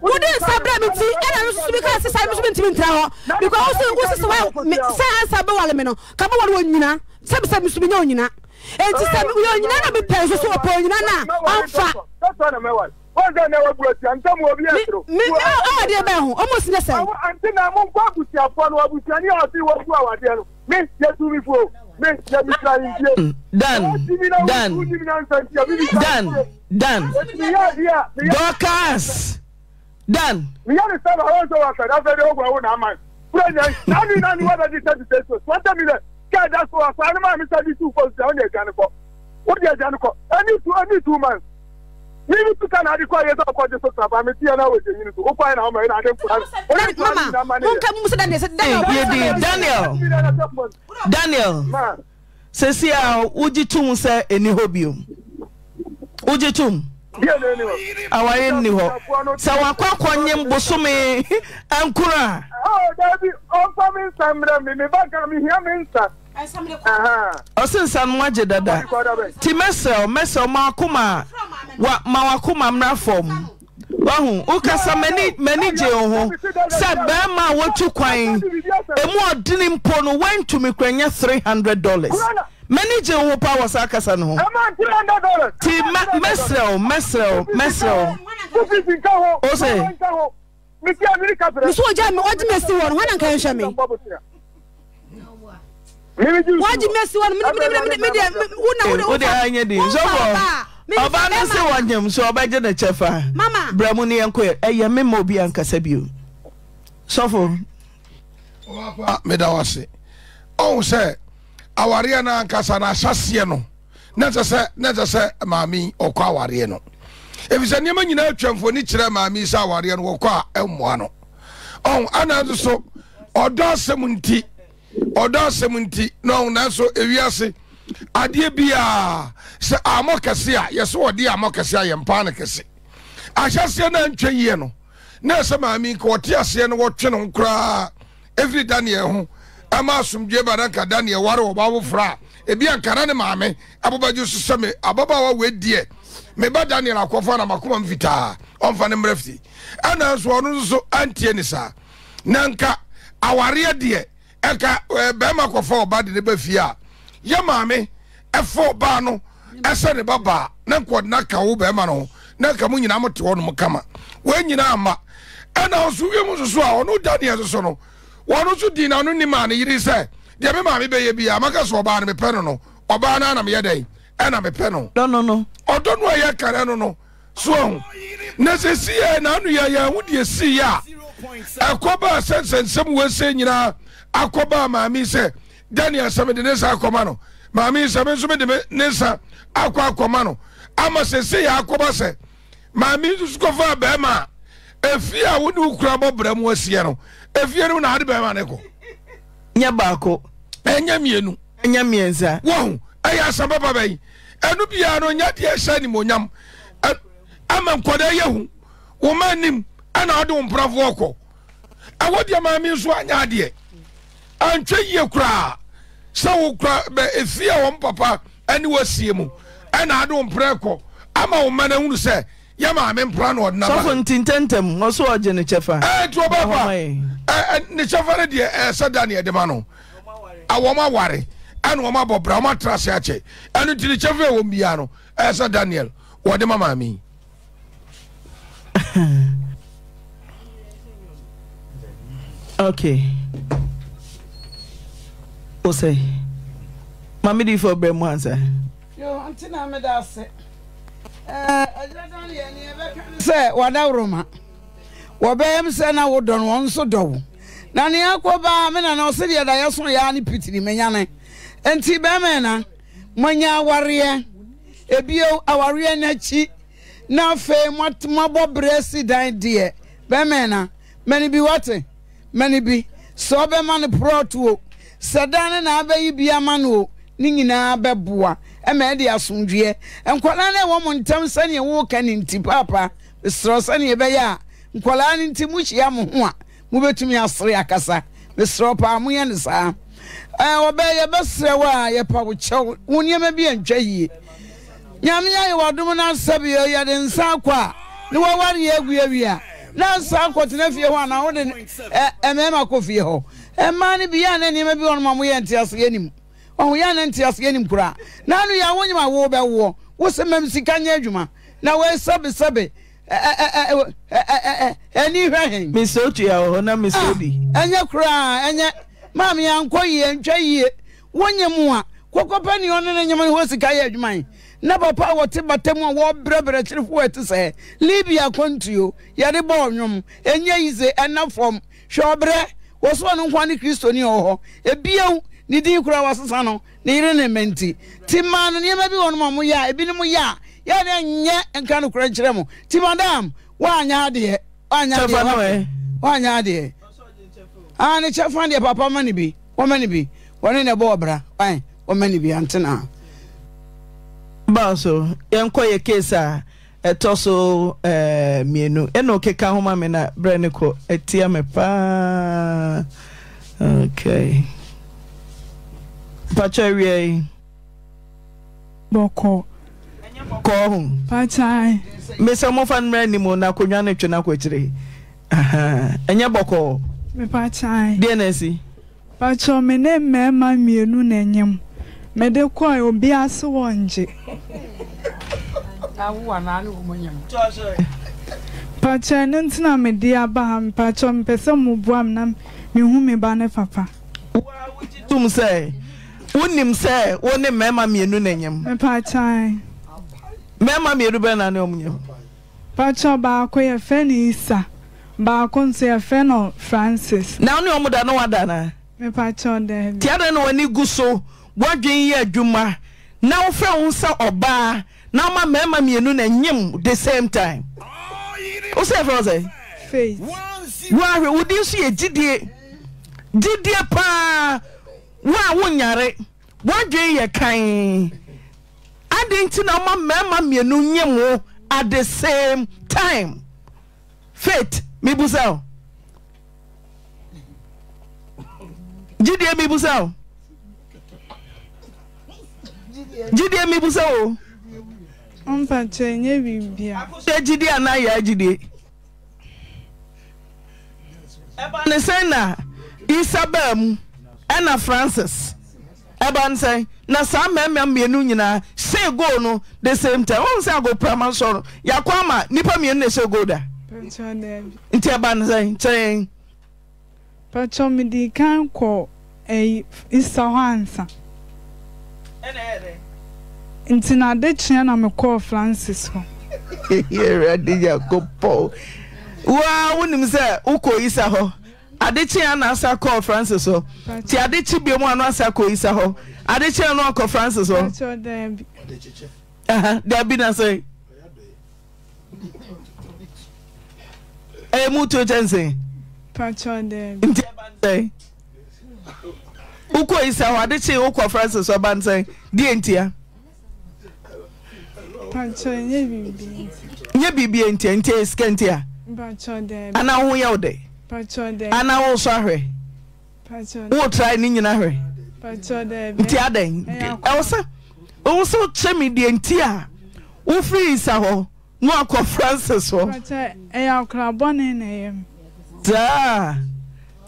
wode nsa berɛ me nti ɛna no soso bi ka sesa no so mentimi ntira hɔ because wosese sɛ ansa bɛwale me no nyina nti sɛ yɛ onyina na mepɛ nso so wɔpɛ onyina na ɔmfa wọ́n mi mi ọ ọ adé bẹ́ẹ̀ hù ọmọ sinẹ sẹ́yìn. àwọn àǹtí náà mo ń kọ́ àbùsíà fọ́nù àbùsíà ní ọ̀sí ìwọ fún àwọn àdé ẹnu mi yẹ tu mi fún mi yẹ mi fún ayé ìdíyẹ. dan dan dan dan dorcas dan. mi yẹ ni sábà wọn wà fẹ̀dá fẹ́ de ogun àwọn náà máa fúlẹ̀ yẹn náà ni náà ni wọ́n bẹ di sẹ́ẹ̀tì sẹ́ẹ̀tì wọ́n tẹ̀ mi lẹ̀ guy that's for akpa anima mi sadi two four six ọ̀nà ẹ̀jẹ̀ anìkọ ó di ẹ̀jẹ̀ ẹni two ẹni two months nínú tuta náà adikọ ayé tó ọkọ jésù tó àbámi tí ẹ wòye yìí nìtò ó kọ́ náà ọmọ yìí náà adé nkùnà mi. olórí tí mama mo ń kẹ́ mú sí daniel daniel. yedi daniel daniel sèse a wújí tum sẹ ẹni hó bi o wújí tum awaye nni hɔ sɛ wakɔ akɔnye mbosome ankoro a. ɔ dabi ɔnfa mi nsa mmerɛ mi mi ba ka mi hia mi nsa ɔsi nsan mu agye dada ti mɛsɛw mɛsɛw ma wakoma wa ma wakoma mmra fam wahu wokasa m'ani m'ani gye wo ho sɛ bɛrima a wotu kwan emu ɔdini mpo no wantumi kura nyɛ three hundred dollars m'ani gye wo ho pa wɔ saa kasa no ho ti mɛ mɛsɛw mɛsɛw mɛsɛw ose. nso ɔgya mi ɔgye mi esi wɔ no wɔn na nka nhwɛ mi wọ́n jí mẹ́sì wọn wọ́n de ayé di nsọ́bọ̀ ọba ní sẹ́ wọ́n nyẹ̀ nsọ́ ọba jẹ́ ne kyẹ́ fa brẹ́mu ni yẹn kọ́ yẹ ẹ̀yẹ mímọ́ obi à ń kasa bi o sọ́fọ̀. meda wase ɔhu sɛ awareɛ no ankasa no ahyɛseɛ no na ɛsɛ sɛ na ɛsɛ sɛ maame ɔkɔ awareɛ no ɛfisɛ nneɛma nyinaa atwa mfoni kyerɛ maame sɛ awareɛ no wɔkɔ a ɛmmoa no ɔhu ana nso so ɔdɔ asɛm nti ɔdɔ asem nti na ɔn ewi ase. adeɛ bi biaa sɛ amɔ kɛse a yɛsɛ ɔde amɔ kɛse a yɛn paa no kɛse ahyɛseɛ no antwa yie no na ɛsɛ maame nka ɔte aseɛ no wɔtwe no koraa ɛfiri daniel ho ɛma asomdwe ba nanka daniel ware wɔ bawo foforɔ a ebi ankara ne maame abobagye so sɛ me ababaawa wɔadiɛ meba daniel akɔfo na makoma m fitaa ɔmfa ne mmerɛ fiti ɛna nso ɔno nso antie ne saa na nka awareɛ deɛ ɛka bɛrima kɔfa ɔba de ne ba fie a yɛ maame ɛfɔ ɔbaa no ɛsɛ ne ba baa na nkɔ na ka wo bɛrima no ho na nka mo nyinaa mo te hɔ nom kama wɔn nyinaa ma ɛna nso wiem soso a ɔno da soso no wɔn nso di n'ano nim a ne yiri sɛ deɛ me maame bɛyɛ bi a maka sɛ ɔbaa no mepɛ no no ɔbaa no anam yɛ dɛn ɛna mepɛ no ɔdɔ no a yɛ kare no no so ɔho na sɛ si yɛ n'ano yɛ yɛn ho deɛ si yɛ a ɛkɔ baa sɛ nsɛnsɛm wɔse nyinaa akɔ baa maame sɛ daniel sɛ mede ne nsa akɔma no maame sɛ me nso mede ne nsa akɔ akɔma no ama sɛ se yɛ akɔba sɛ maame nso kɔfa bɛrima a efie a wone wo kura bɔbrɛ mu asiɛ no efie no na ade bɛrima ne kɔ nyɛ baako ɛnyɛ mmienu ɛnyɛ mmiɛnsa wɔho ɛyɛ asɛm papa bɛyi ɛno biara no nyɛ deɛ ɛhyɛ animonyam ama nkɔda yɛ hu wo ma ɛna ɔde wo mprafoɔ kɔ ɛwɔ deɛ maame nso anyɛ adeɛ antwɛ yie koraa sɛ wo kura bɛ efie a wɔn papa ɛne wasie mu ɛna ade wo kɔ ama wo mma no ahunu sɛ yɛ maame mpra na ɔde naba sɔfo ntintɛntɛm ɔso ɔgye ne kyɛfa ɛɛ tí ɔbɛ fa ɛɛ ne kyɛfa no deɛ ɛɛ sɛ da ma no awɔm aware ɛna wɔn abɔ bra wɔn atra ase akyɛ ɛno ti ne kyɛfa ɛwɔ mbia no ɛɛ daniel wɔde ma maame yi. okay o sɛ maame di fɔ bɛrɛ mu ansa. yoo nti na mi da Se ɛɛ ɛdɔdɔn yɛ ni ɛbɛ kan. sɛ wada woroma wɔbɛyɛ sɛ na wo dɔn wɔn nso dɔ na ni akɔ baa mi na na ɔsi deɛ da yɛ so yɛ ani pitiri mi nyane nti bɛrɛ na mo nya awareɛ ebi awareɛ n'akyi n'afɛ mo abɔ brɛ dan deɛ bɛrɛ na mɛni bi wɔte mane bi sɛ ɔbɛma no prɔto sɛ dan na abɛyi bi ama no o ne nyinaa bɛboa ɛma ɛde asomdwoeɛ nkwadaa no ɛwɔ mo ntam sɛneɛ woka ne nti paapa mesrɛ sɛneɛ ɛbɛyɛ a nkwadaa no nti mohyia mo ho a mobɛtumi asere akasa mesrɛ paa moyɛ no saa ɔbɛ yɛbɛsrɛ wo a yɛpa wo kyɛw wo nneɛma bi antwa yie nyame ayɛ w'adom no asɛbe yɛde nsa akɔ a ne wɔware yɛ agu awie a lansa akɔtena fie hɔ anaa wode mmarima kɔ fie hɔ mmaa no bi yɛ nneɛma bi a moyɛ nteaseɛ nim ɔho yɛ ne nteaseɛ nim koraa na ano yɛ a wonyim a wobɛwoɔ wo sɛ mam sika nyɛ adwuma na wɔsɛbesɛbe ani hwɛ hen mesɛ wɔ hɔ na mesɛ bi ah, ɛnyɛ koraa ɛnyɛ maame yie ntwa yie mu a kɔkɔpɛ ne ɔne no nyɛma ne hɔ sika yɛ adwuma na papa a wɔte bata mu a wɔrebrɛbrɛ kyerɛfoɔ ɛte sɛ libia kɔntuo yɛde bɔɔ nwom ɛnyɛ yi sɛ ɛna fam hwɛ ɔbrɛ wɔsoɔ no nkoa ne kristoni wɔ hɔ ebiew ne din kora wasesa no ne yere ne mma nti ti maa no nneɛma bi wɔ no ma moyɛ a ebinom yɛ a yɛ ne nyɛ nka no kora nkyerɛ mo ti madam woanyɛ adeɛ woanyɛ adeɛ eh? woanyɛ adeɛ a ne kyɛfa deɛ papa ma ne bi wɔma ne bi wɔne ne bɔɔ bra wɔma ne bi antena baso yɛnkɔ yɛ case a ɛtɔ so eh, mmienu ɛna okeka homa me na berɛ ne kɔ Pacha me paa okay pakyɛ wiei bɔkɔ kɔɔ ho pakyae mesɛ mofa no mmerɛ anim na akonnwa no twe no akɔkyire ɛnyɛ bɔkɔɔ mepakyae deɛ na asi pakyɛ me ne mmarima mmienu na ɛnyɛ mu mede kɔe obi ase wɔ ngye pakyɛ mede aba ha mpakyɛ mpɛ sɛ m na mehu me ba ne papa tom sɛ wonim sɛ wo ne mmarima mmienu na nyam mepakyɛe mmarima mmienu bɛ na ne ɔmnyam pakyɛ baako yɛfɛ ne baako nso yɛfɛ no na wo ɔmda ne wada naa mepakyɛ dɛ so w'adwen yɛ adwuma na wofrɛ wo sɛ ɔbaa na ama mmarima mmienu na nyim the same time wo sɛ ɛfrɛ sɛ woahwɛ wo din so yɛ gyidie gyidie paa wo a wonyare w'adwen yɛ kan adɛn nti na ɔma mmarima mmienu nyim wo at the same time faith mebusa o gyidie mebusa o gyidie mibu sɛ okyɛɛ gyidiɛ anayɛa gyidie ɛbane sɛn na isa baa mu ɛna francis ɛba nesɛn na saa mmama mmienu nyinaa sɛ go no the same tim uusɛ agoprama sɔn yako ama nipa mmienu na syɛ goda nti bansɛ kyɛɛmedkank nti na adekyea na mekɔɔ francis hɔ awurade nyankopɔn waa wonim sɛ wokɔ hɔ na asa kɔɔ francis hɔ nti adekye asa kɔ hɔ no akɔ francis hɔ na sɛ ɛyɛ mu tuo kyɛnse nti ɛbansɛn wokɔ isa hɔ adekyee wokɔ francis hɔ deɛ ntia nye bibie e ntia ntia e sika nti a ana wo yɛ wo dɛ ana wosɔ ahwɛ wowo trae ne nyina adịghị, nti adɛn ɛwo sɛ ɔwo sɛ deɛ nti a wofiri isa hɔ na wakɔ francis hɔ saa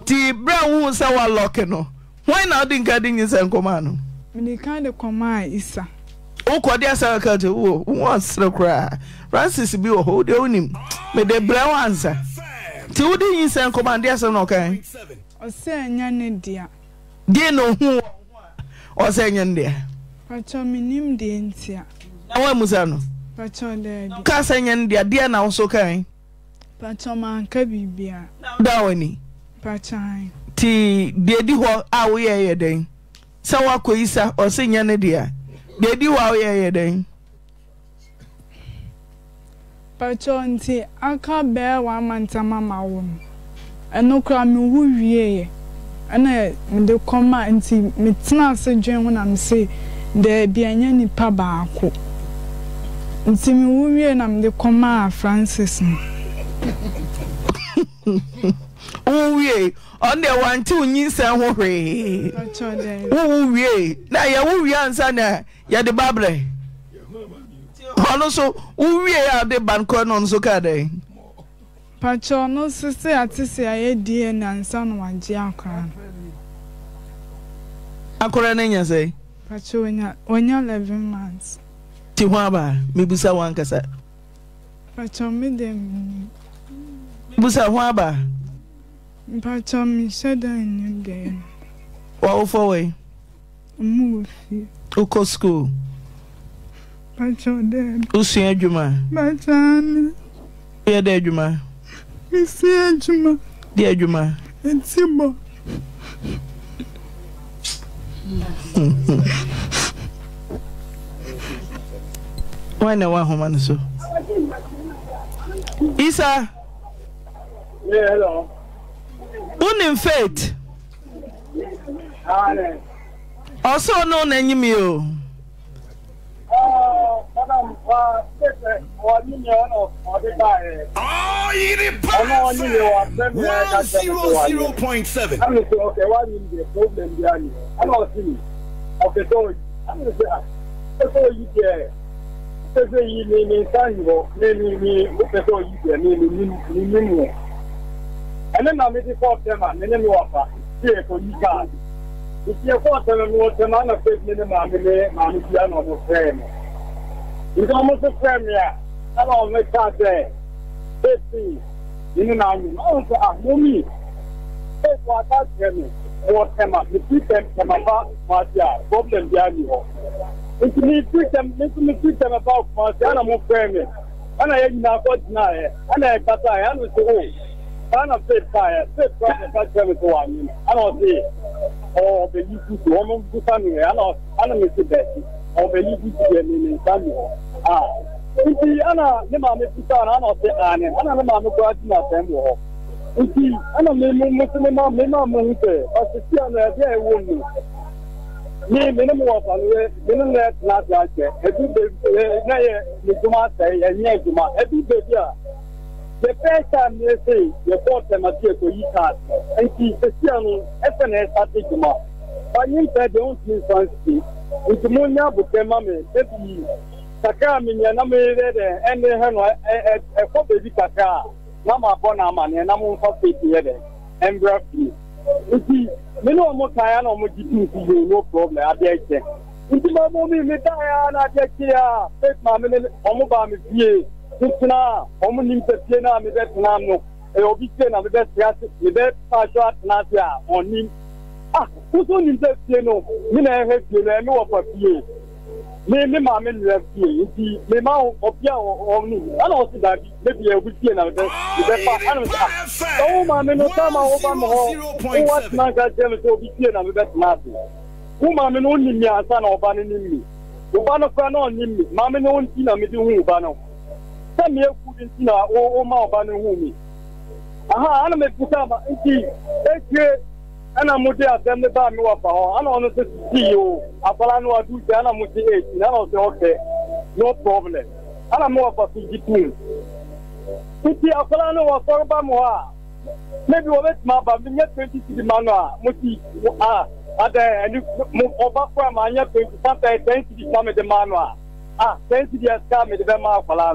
nti berɛ a wohu sɛ woalɔke no hwan na wode nka de nyi sɛ nkɔmaa no wokɔde asa kaka te wo wowɔ francis bi wɔ hɔ wode wonim mede brɛ wo ansa nti wode nyi sɛ nkɔmande asɛm na ɔkan ɔsɛ ɛnyɛ ne dea deɛ na ohu a ɔsɛ ɛnyɛ ne dea patɔ menim deɛ ntia na woamu sa no patɔ ka sɛ ne dea deɛ na wo so kan patɔ manka biribia da w'ani nti deɛ di hɔ a dɛn sɛ woakɔyi sa nyɛ ne deɛdi wa woyɛyɛ dɛn pakyɛ nti aka bɛɛ waamantama ma wo no ɛno koraa meho wieeɛ ɛna mede kɔma nti metena ase dwen ho na mese daabi ɛnyɛ nnipa baako nti meho wie na mede kɔmaa francis no wo wie ɔno deɛ wante nyi nyinsɛn ho hwee wo wie na wie ansa na yɛde ba berɛ ɔno so wowie a de ba nkɔ no nso ka dɛn pakyɛ ɔno so sɛ ate sɛ ayɛ die nansa no wagye akora no akora no nya sɛ pakyɛ ɔnya 11 months ti ho aba mebisa wo ankasa pakyɛ mede mebusa ho aba mpakyɛ mehyɛ da nnim deɛ wɔwofɔ wei ɔmo wɔ fie wokɔ school wosua adwuma woyɛ dɛ adwuma mesua adwuma de adwuma ntibɔ wọn na wọn ahoma no so isa wunim faith ọsọ no na enyim yi o. Oh, yiri pass! 100.7. I'm going to say, okay, why didn't the problem be on you? I'm not seeing it. Okay, so I'm going to say, so you care. So you mean me, Sango, me, me, me, so you care, me, me, me, me, me, me. And then I'm going to call them, and so you can't nti yɛ kɔɔ tɛnɛ no wɔtɛm ana fɛ bi ne maame ne maame bi ana ɔmo fɛɛ no nti ɔmo so fɛɛ me a ɛna ɔmo kaa sɛ fɛsi ne ne naanyi na ɔmo sɛ ah momi fɛsi aka kyerɛ me wɔ tɛma me ti tɛm tɛma ba kumasi a problem bi ani hɔ nti me ti tɛm me ti me ti tɛma ba kumasi ana mo fɛɛ me ɛna yɛ nyinaa kɔ gyina yɛ ɛna yɛ kasa yɛ ɛna sɛ o ɛna fɛsi kaa yɛ fɛsi kɔ kyerɛ me sɛ wɔ anyi ɛna ɔsi ọ ọbẹyi gudu ọmọ gusa mi yẹ ana ana mi ti bẹẹ ọbẹyi gudu yẹ mi mi nsa mi wọ a nti ana ne maame kusa ana ana ọsẹ ani ana ne maame kura gyina fẹm wọ hɔ nti ana mi mu mu ti mi ma mi ma mu hu sɛ ɔsi ti ana ɛdi a ɛwɔ mu mi mi ne mu wɔ fa yɛ mi ne na ɛtena ase akyɛ ebi beebi ɛ na yɛ ne dwuma asɛ yɛ nyɛ dwuma ebi beebi a the first time yɛ sɛ yɛkɔ tɛmati ɛkɔyi card nti sesia no ɛsɛ na ɛsate dwuma banyi mpɛ deɛ ɔntumi nsan si nti mo nya abotɛ ma mi ebi kakra mi nyɛ na mi yɛ dɛ ɛnɛ hɛ no ɛkɔ beebi kakra na ma bɔ na ama neɛ na mo nfa feeti yɛ dɛ ɛmbra fi nti mi ne ɔmo kan ya na ɔmo di tu nti yɛ no problem adeɛ kyɛ nti ma mo mi mi da ya na adeɛ kyɛ ya faith maame ne ɔmo ba mi fie tena ɔmo nim sɛ fie no a mebɛ tena no ɛyɛ obi fie na mebɛ tea ase mebɛ fa so atena ase a ɔnim ah woso nim sɛ fie no me na ɛhɛ fie no ɛme wɔ fa fie me me maame nua fie nti me ma ɔbi a ɔnim ɛna ɔsi daabi o ɛbi fie na mebɛ mebɛ fa ɛna mebɛ ah ɔmo maame no sáà ma ɔba mi hɔ ɔwɔ tena nka kyerɛ mi sɛ obi fie na mebɛ tena ase ɔmo maame no ɔnim mi ansa na ɔba no nim mi ɔba no kora na ɔnim mi maame no ɔnti na mede hu ɔba no. sami ya na suna oma n'ihu humi aha ana m fita ma inki eke ana mutu a zan ba mi wa faho ana wani su si yo a fara nuwa dukiya ana mutu eki ana wasu oke no problem ana mu wa fa ji tun kuti a fara nuwa sɔrɔ ba ọ ha maybe ọ bụ tuma ba mi n twenty six ma nọ a muti a adɛ ani ɔba kura ma nye twenty five ten six ma mi de ma a ten six yɛ sika mi ma a fara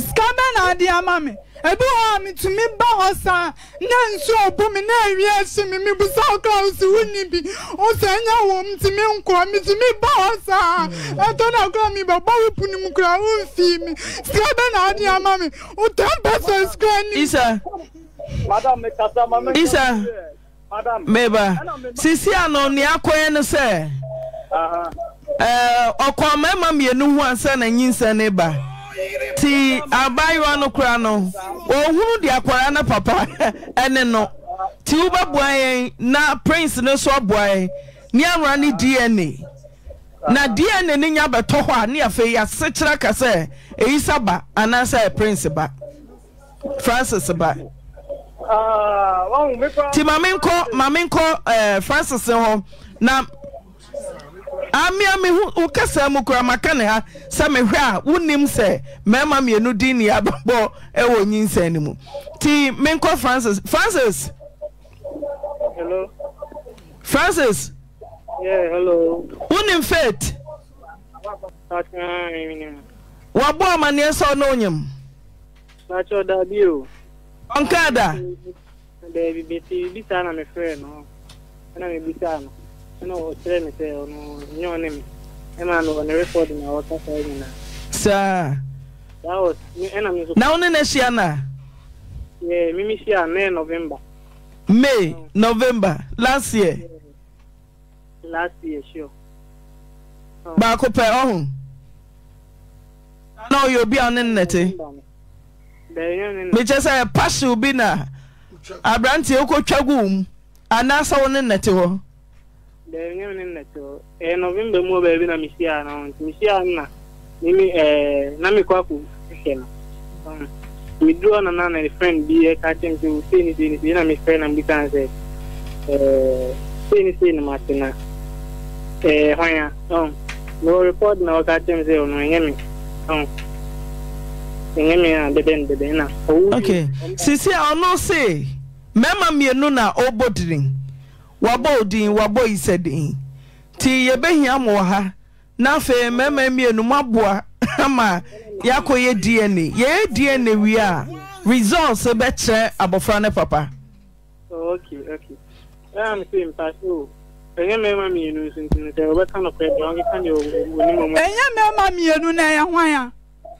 sika na adi ama mi ebi a mitumi ba hɔ saa na nsu mi ewi mi mi busa ɔka osi wuni bi ose wɔ nkɔ ba hɔ saa ɛtɔ na kura mi bɔ ni mu kura o nfi mi na adi ama mi o ten percent sika ni. isa isa meba sisi ano ni akɔyɛ no sɛ ɛɛ ɔkɔ mɛma mienu ansa na nyinsɛn ne ba. ti abaayewa no kura no ohunu di akwara ne papa ɛne no ti wobɛboa yɛn na prince ne so aboa yɛn ne awura dna na dna ne nya bɛtɔ hɔ a ne afei asekyerɛ kasɛ eyisa ba anaasɛ prince ba francis ba. Ah, ti maame nkɔ maame nkɔ ɛɛ eh, francis hɔ na amia mi hu wo kasa mu kura maka ne ha sɛ mehwɛ a wonim sɛ mmarima mmienu din ne abɛbɔ wɔ nyinsɛn no mu nti menkɔ francis francis hello francis yeah, hello wonim faith wabɔ amanneɛ sɛ ɔne wonyim nakyɛ da bio ɔnkaa da daabi bɛti na mefrɛ saa na wone na ahyia na a may november last year baako pɛ ɔho na ɔyɛ obi a ɔne nnɛte mekyɛ sɛ pashew bi na aberanteɛ wokɔtwa gu m anaasɛ wo ne nnɛte eh, hɔ baabi nyɛ ne nnɛtɔ ɛɛ nɔvemba mu baabi na mesia eh, no nti mesia no na mimi ɛɛ na mekɔ akɔ hwɛ no meduro no na na friend bi ɛka kyɛm sɛ sei ne sei ne sei na mefrɛ eh, na mbisa sɛ ɛɛ sei ne sei ne mate na ɛɛ hwan a ɔn mewɔ report na wɔka kyɛm sɛ ɔno ɛnyɛ me ɔn ɛnyɛ me a dɛdɛn dɛdɛn na ɔwɔ okay sisi a ɔno se mmarima mmienu na ɔbɔ dirin wabɔ odin wabɔ yi sɛ den nti yɛbɛhia ha na afei mmienu mmienum aboa ama ya yɛ dna yɛyɛ dna wie a results bɛkyerɛ abɔfra ne papa ɛnyɛ mmarima mmienu na ɛyɛ hwan a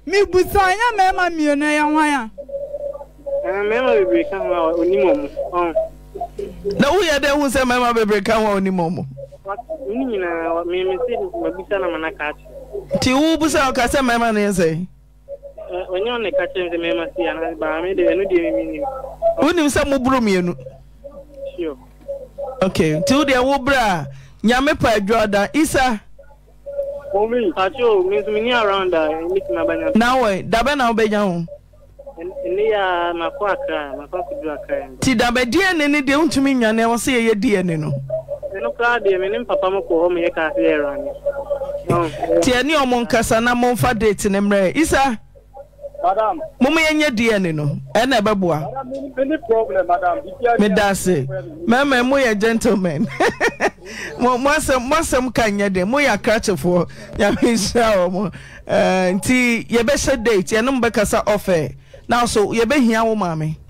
mebusa ɛnyɛ mmarima mmienu ɛyɛ hwan a ah, mmarima bebree ka ho a onim ɔmo na woyɛ dɛ hu sɛ mmarima bebree ka ho a wonim ɔmo nti wobusa ɔka sɛ mmarima no yɛ sɛe eh, onye ọna kacha ndị mmemme si ya na bara mi dị enu dị ememe nne m. Wụnụ nsa mụ bụrụ mmienu. Okay, nti ụdị ewu bụrụ a, nyame pa adwa ọda, isa. Omi, pacho, oh, mi nso mi ni around a, mi na abanya. Na wee, dabe na ọbẹ nya Nia makɔ akra makɔ kudu akra. Ti daba DNA ni deɛ ntumi nyane wɔ sɛ yɛyɛ DNA no. Ɛnu koraa deɛ mi ne papa mu kɔ hɔ mu yɛ kaase yɛ rani. Eh. Tiɛ ni ɔmo nkasa na mo nfa date ne mmerɛ isa. Madam. Mo mo yɛnyɛ DNA no ɛna ɛbɛboa. Madam mi ni problem madam. Mi da se mɛmɛ mo yɛ gentleman mo mo asɛm mo asɛm ka nyɛ de mo yɛ akrakyefoɔ yamisa wɔn ɛɛ eh, nti yɛbɛhyɛ date yɛn no mo bɛkasa ɔfɛ. now so you be here, oh mommy.